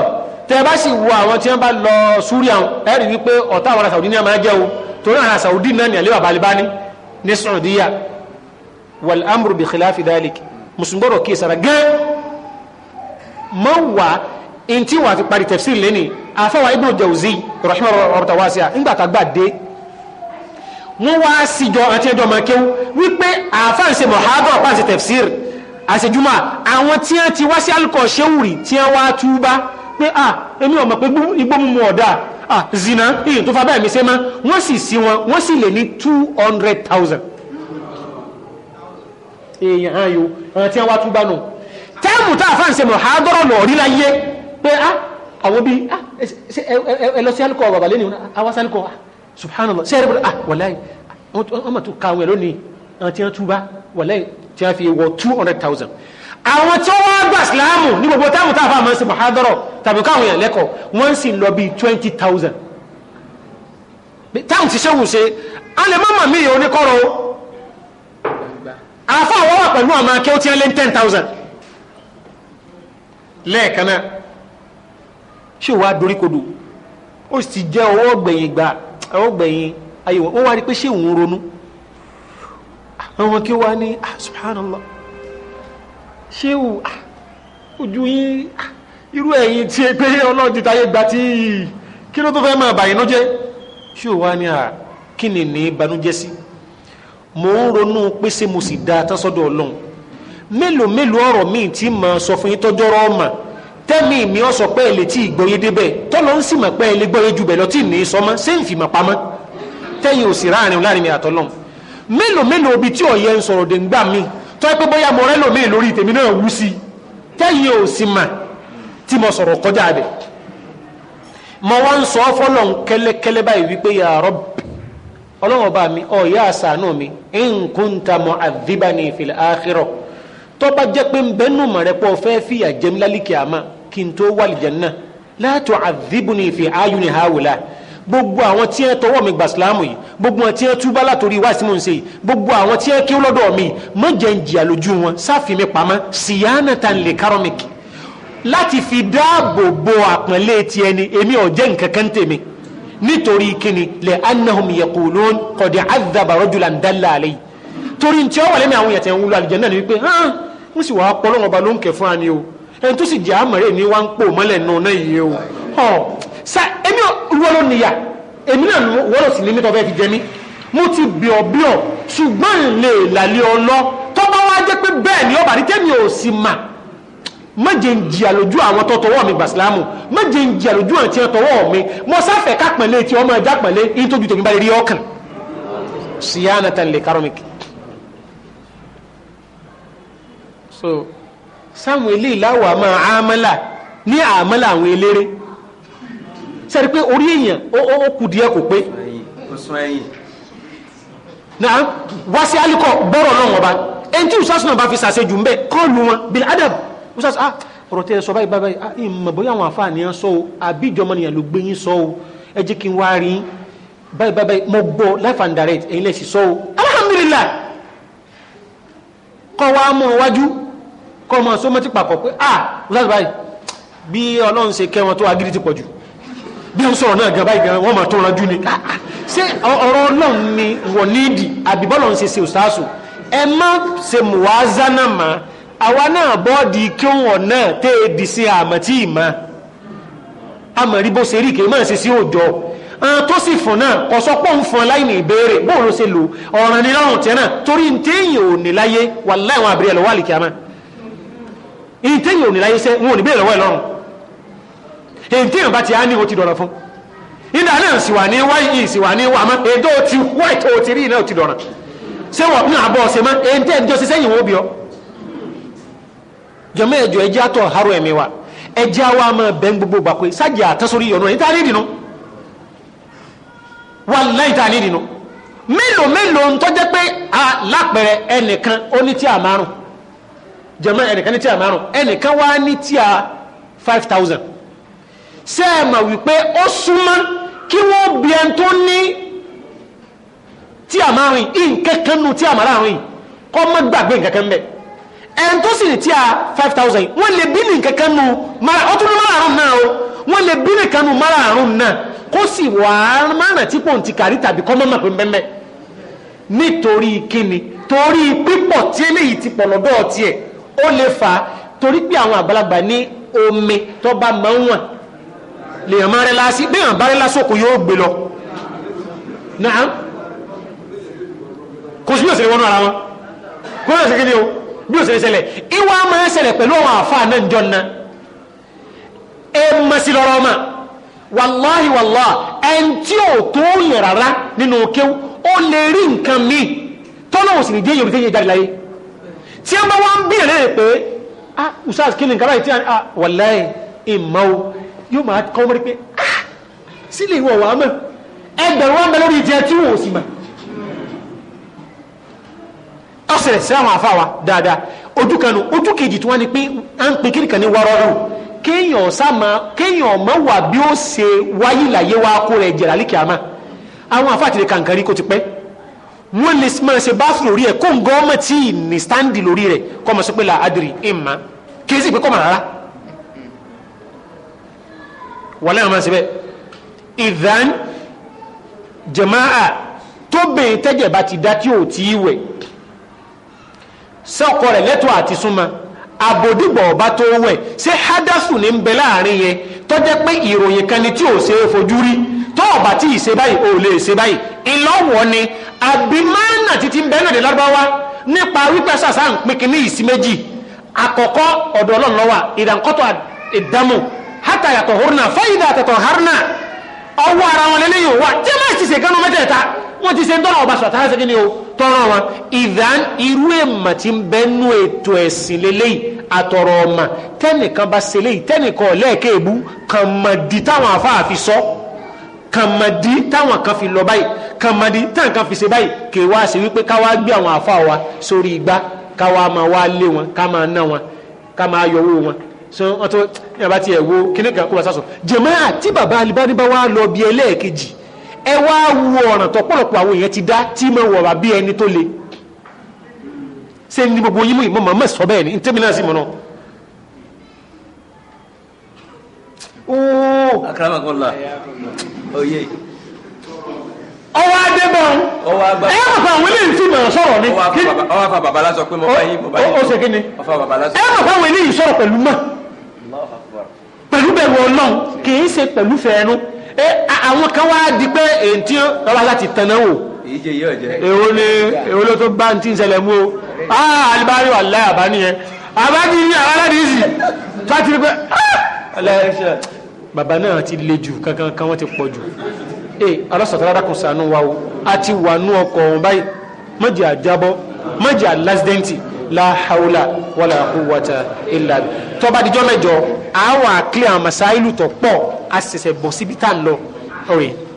tẹ́ ẹ bá sì wo àwọn tí wọ́n bá lọ Súrí àwọn ẹ wípé ọ̀tá àwọn ará Saudi ní àmà jẹ́ o torí àwọn ará náà ní àlẹ́ bàbá alẹ́ ní ní Saudiya wal amru bi khilafi dhalik musulmi gbọ́dọ̀ kíyèsára gẹ́ mọ́ wà ntí wà fi parí tafsir lẹ́nìí àfọwà Ibn Jawzi rahimahullah wasi'a ńgbàtà gbàdé wọ́n wá síjọ àti ẹjọ́ máa kéwú wípé àfà ń ṣe mọ̀hábọ̀ àpá ń ṣe tafsir àṣejúmọ́ àwọn tí wọ́n ti wá sí alukọ̀ ṣéwùrì tí wọ́n wá túbá pé à èmi ọ̀mọ̀ pé igbó mímu ọ̀dà zina iye tó fa báyìí mi ṣe mọ́ wọ́n sì sí wọn wọ́n sì lè ní two hundred thousand èèyàn ayò àwọn tí wọ́n wá túbá nù tẹ́ẹ̀mù tá àfà ń ṣe mọ̀hábọ̀ lọ̀ọ́rí láyé pé à àwọn bíi ah, ẹ lọ sí alukọ bàbá lẹ́nu ah, awa sí alukọ ah, subhanallah sẹ́yìn rẹ̀ ah wàláyé wọ́n mọ̀ tó ka àwọn ẹ̀rọ ni àwọn tí wọ́n túbá wàláyé tí wọ́n fi wọ two hundred thousand àwọn tí wọ́n wá gbà sílámù ní gbogbo táwọn táwọn fáwọn máa ń ṣe mọ̀hádọ́rọ̀ tàbí káwọn èèyàn lẹ́kọ̀ọ́ wọ́n sì lọ bíi twenty thousand táwọn ti ṣẹ́wù ṣe a lè mọ́mọ́ mi ò ní kọ́rọ̀ o àfọ àwọn wà pẹ̀lú àmọ́ akẹ́ ó ti ń lé ten thousand lẹ́ẹ̀kan náà ṣé wàá dorí kodò ó sì jẹ́ ọwọ́ gbẹ̀yìn gbà ọwọ́ gbẹ̀yìn ayé wọn wọ́n wá rí pé ṣé òun ronú àwọn kí wàá ní ah, subhanallah ṣé o ah, ojú yín ah, irú ẹ̀yin tí pé ọlọ́ọ̀dì táyé gba tí kí ló tó fẹ́ máa bàyìn náà jẹ́ ṣé o wàá ní à kí ni ní banújẹ́ sí mò ń ronú pé ṣé mo sì da tán sọ́dọ̀ ọlọ́run mélòó mélòó ọ̀rọ̀ míì tí màá sọ fún yín tọ́jọ́rọ́ ọ̀mà tẹ́mi mi ọ sọ pé ẹ̀lẹ́ tí ìgbọ́yé débẹ̀ tọ́lọ́ ń sì mọ̀ pé ẹ̀lẹ́ gbọ́yé ju bẹ̀ lọ tí ì ní í sọmọ́ ṣé ń fìmọ̀ pamọ́ tẹ́yìn ò sì ráàrin láàrin mi àtọ́lọ́m mélòó mélòó bi tí ọ̀yẹ́ ń sọ̀rọ̀ dé ńgbà mi tọ́ ẹ pé bóyá mo rẹ́ lòmíì lórí tèmi náà wú sí tẹ́yìn ò sì mà tí mo sọ̀rọ̀ kọjá bẹ̀ mo wá ń sọ fọlọ́n kẹ́lẹ́kẹ́lẹ́ báyìí wípé ya Rabb ọlọ́run ọba mi ọ̀yẹ́ àṣàánú mi in kunta mu'adhibani fil akhirah tó jẹ́ pé ń mọ̀rẹ́pọ̀ fẹ́ fìyà jẹ́mi lálìkì àmà kí n tó wà lìjànnà la tu'adhibuni fi ayuni haula gbogbo àwọn tí ẹ tọwọ́ mi gbà sílámù yìí gbogbo àwọn tí ẹ túbá látòrí wá sí mò ń ṣe yìí gbogbo àwọn tí ẹ kí lọ́dọ̀ mi mọ jẹ́ ń jìyà lójú wọn sáfì mi pamọ́ siyanatan li karamiki láti fi dáàbò bo àpọ́nlé ti ẹni èmi ò jẹ́ nǹkan kan tèmi nítorí kíni lè annahum yaqulun qad adhaba rajulan dalla alayhi torí ntí ọ wà lẹ́nu àwọn yàtẹ̀ ń wúlò àlùjẹ́ náà ni wípé hàn wọ́n sì wàá pọ́ lọ́wọ́ ọba ló ń kẹ́ fún wa o ẹni tó sì jẹ́ àmọ̀rẹ́ ní wá ń pò mọ́lẹ̀ nù náà yìí o ọ̀ sa èmi wọ́n ló nìyà èmi náà wọ́n lọ sí ní nítorí ẹ fi jẹ mí mo ti bíọ̀ bíọ̀ ṣùgbọ́n lè làlẹ́ ọlọ́ tó bá wá jẹ́ pé bẹ́ẹ̀ ni ọba ní tẹ́mi ò sì mà méje ń jìyà lójú àwọn tó tọwọ́ mi gbàsílámù méje ń jìyà lójú àti ẹ tọwọ́ mi mo sáfẹ́ kápẹ́lẹ́ tí ọmọ ẹja pẹ̀lẹ́ yín tójú tèmi bá rí ọkàn síyánà tẹ̀lé kárọ̀mìkì. so sáwọn ilé ìláwọ̀ àmọ́ àmọ́là ní àmọ́là àwọn eléré sẹ́ni pé orí èèyàn ó kù díẹ̀ kò pé náà wá sí alikọ bọ́rọ̀ náà wọ́n bá ẹni tí usas náà bá fi sàṣejù ń bẹ́ kọ́ọ̀lù wọn bil adab usas ah ọ̀rọ̀ ah, life and direct ẹ̀yin lẹ́sìn sọ alhamdulillah kọ́ wa mọ̀ wájú kọ́ ọmọ sọ mọ́tì papọ̀ pé ah ọ̀sán báyìí bí ọlọ́run ṣe kẹ́ wọn tó agídí ti pọ̀ jù bí wọ́n sọ̀rọ̀ náà gan báyìí gan wọ́n máa tó ranjú ni ah, ah. ṣé ọ̀rọ̀ ọlọ́run ni wọ̀ nídìí àbí bọ́lọ́run ṣe ṣe òṣàṣù ẹ má ṣe mùwázánà máa àwa náà bọ́ọ̀dì kí wọ̀n náà tẹ́ èdì sí àmà tí ìmá àmàrí bó ṣe rí kìí máa ṣe sí òjò àwọn tó sì fún náà kò sọ pọ́ ń fún láì ní ìbéèrè bóòrò ṣe lò ọ̀ràn ní lọ́rùn tẹ́ náà torí téèyàn ò ní láyé wà láìwọn àbírí lọ́wọ́ àlìkí àmà èyí téèyàn ò ní láyé sẹ́ wọn ò ní bèèrè lọ́wọ́ ẹ̀ lọ́rùn bá ti á ní o ti dọ̀rọ̀ fún ìdá náà sì wà ní wáyé yìí ní wà mọ́ èdè ò ti wá ètò ò ti rí iná ò ti dọ̀rọ̀ ṣé wọ́n ní àbọ̀ ọ̀sẹ̀ mọ́ èyí tẹ́ ẹjọ́ sẹ́yìn wo bí ọ. jọmọ ẹjọ ẹjẹ atọ haro ẹmí wa ẹjẹ awa máa bẹ ń gbogbo gbà pé sájà àtẹsórí yọnu ẹ níta ní ìdìnnú wà láì ta ní ìdìnnú mélòó mélòó ń tọ́jẹ́ pé alápẹ̀rẹ̀ ẹnìkan ó ní tí a márùn-ún jama ẹnìkan ní tí a márùn ẹnìkan wá ní tí a five thousand ṣé ẹ mà wípé ó súnmọ́ kí wọ́n bí ẹn tó ní tí a márùn yìí nǹkan kan tí a márùn kọ́ mọ́ gbàgbé nǹkan kan ẹn tó sì ní tí a five thousand wọ́n lè bí ní nǹkan kan nu ọtún ní márùn náà o wọ́n lè bí nìkan nu márùn náà kó sì wàá márùn tí kò ti kàrí tàbí kọ́ mọ́ mọ̀ pé bẹ́ẹ̀ nítorí kíni torí pípọ̀ tí eléyìí ti pọ̀ lọ́dọ̀ tiẹ̀ ó lè fà á torí pé àwọn àgbàlagbà ní omi tó bá máa ń wọ̀n lèèyàn máa rẹ lásì bí èèyàn bá rẹ lásòkò yóò gbé lọ náà kò sí bí òsèré wọnú ara wọn kò sí kí ni o bí òsèré ṣẹlẹ̀ ìwà máa ń pẹ̀lú àwọn àfáà náà jọ náà ẹ mọ̀ sí lọ́rọ́ ọmọ wàláhì wàláhì ẹn tí ò tó yẹ rárá nínú kéw ó lè rí nǹkan míì tọ́lọ́wọ́sì nìjẹ́ yorùbá jáde láyé tí a bá wá ń bí ẹ̀rẹ́ pé ah usas kí ni nǹkan báyìí tí a ní ah wàláì ìmọ̀ o yóò máa kọ́ mọ́rí pé ah sílẹ̀ ìwọ̀ wà á mọ̀ ẹgbẹ̀rún wọn bẹ lórí ìjẹ tí wò ó sì mọ̀ ọ̀sẹ̀ sí àwọn àfa wa dáadáa ojú kanu ojú kejì tí wọ́n ní pé à ń pe kiri kan ní wárọ́rù kéèyàn sáma kéèyàn ọmọ wà bí ó ṣe wáyìláyé wa kó rẹ̀ jẹ̀rà líkìá mà àwọn àfa àtìlẹ̀ kàǹkàrí kó ti pẹ́ wọ́n lè máa ṣe báfù lórí ẹ̀ kó ń gọ́ọ́mọ̀ tí ní stáǹdì lórí rẹ̀ kọ́ mọ̀ sí pé la adìrì ìmọ̀ kì í sì pé kọ́ mọ̀ rárá wọ́n lẹ́yìn máa ṣe bẹ́ẹ̀ ìdán jẹ̀máà tó bẹ̀yìn tẹ́jẹ̀ bá ti dá tí ò tí ì wẹ̀ sọ́kọ rẹ̀ lẹ́tọ̀ àti súnmọ́ àbòdìbọ̀ ọba tó wẹ̀ ṣé hádásù ní ń bẹ láàrin yẹn tọ́jẹ́ pé ìròyìn kan ni tí ò ṣe é fojú rí tó ọ̀bà tí ì ṣe báyìí ò lè ṣe báyìí ìlọ́wọ̀ ni àbí mánà títí ń bẹ́ẹ̀ náà dé lárúbáwá nípa wípé ṣàṣà ń pín kínní ìsí méjì àkọ́kọ́ ọ̀dọ̀ ọlọ́run ló wà ìdànkọ́tọ̀ ìdámù hátà yàtọ̀ hórnà fáyidà àtẹ̀tọ̀ hárnà ọwọ́ ara wọn lẹ́lẹ́yìn òwà tí a ti ṣe gánú mẹ́tẹ̀ẹ̀ta wọ́n ti ṣe ń tọ́rọ ọba sọ̀tà láti kíni o tọ́rọ kàmàdí táwọn kan fi lọ báyìí kàmàdí táwọn kan fi ṣe báyìí kì í wá sí wípé káwá gbé àwọn àfa wa sórí igbá káwá máa wá lé wọn ká máa ná wọn ká máa yọwọ́ wọn so wọn tó ní àbá tiẹ̀ wo kíní kan kó wá sásọ jẹ̀máà tí bàbá alibani bá wá lọ bí ẹlẹ́ẹ̀kejì ẹ wá wo ọ̀ràn tọ́pọ̀lọpọ̀ àwọn èèyàn ti dá tí mo wọ̀ wá bí ẹni tó le ṣé ní gbogbo yín mú ìmọ̀ màmá sọ bẹ́ẹ̀ ni ní tẹ́mi náà sì mọ̀ náà oyè ọwọ́ adébọ̀ ẹ yà fà àwọn eléyìí fi màá sọ̀rọ̀ ni. ọwọ́ afa bàbá lásọ pé mo bá yín mo bá yín. ó ṣe kí ni ẹ yà fà àwọn eléyìí sọ̀rọ̀ pẹ̀lú mọ́ pẹ̀lú bẹ̀rù ọlọ́run kì í ṣe pẹ̀lú fẹ́ẹ́nu àwọn kan wá di pé èntì ọba láti tẹ̀lé wò. èwo ni èwo ló tó bá ń tí ń ṣẹlẹ̀ mú o alibari wà láyà bá nìyẹn àbájú ní bàbá náà ti le jù kankan kan wọ́n ti pọ̀ jù ee alọ́sọ̀tàlára kò sànú wa o a ti wà nú ọkọ̀ ọ̀hún báyìí mọ̀jì àjábọ̀ mọ̀jì àlásídẹ́ǹtì la haula wala quwwata illa bi tó bá dijọ́ mẹ́jọ àwọn àkílẹ̀ àwọn masáìlù tó pọ̀ a ṣẹ̀ṣẹ̀ síbi tá a lọ ọ̀rẹ́.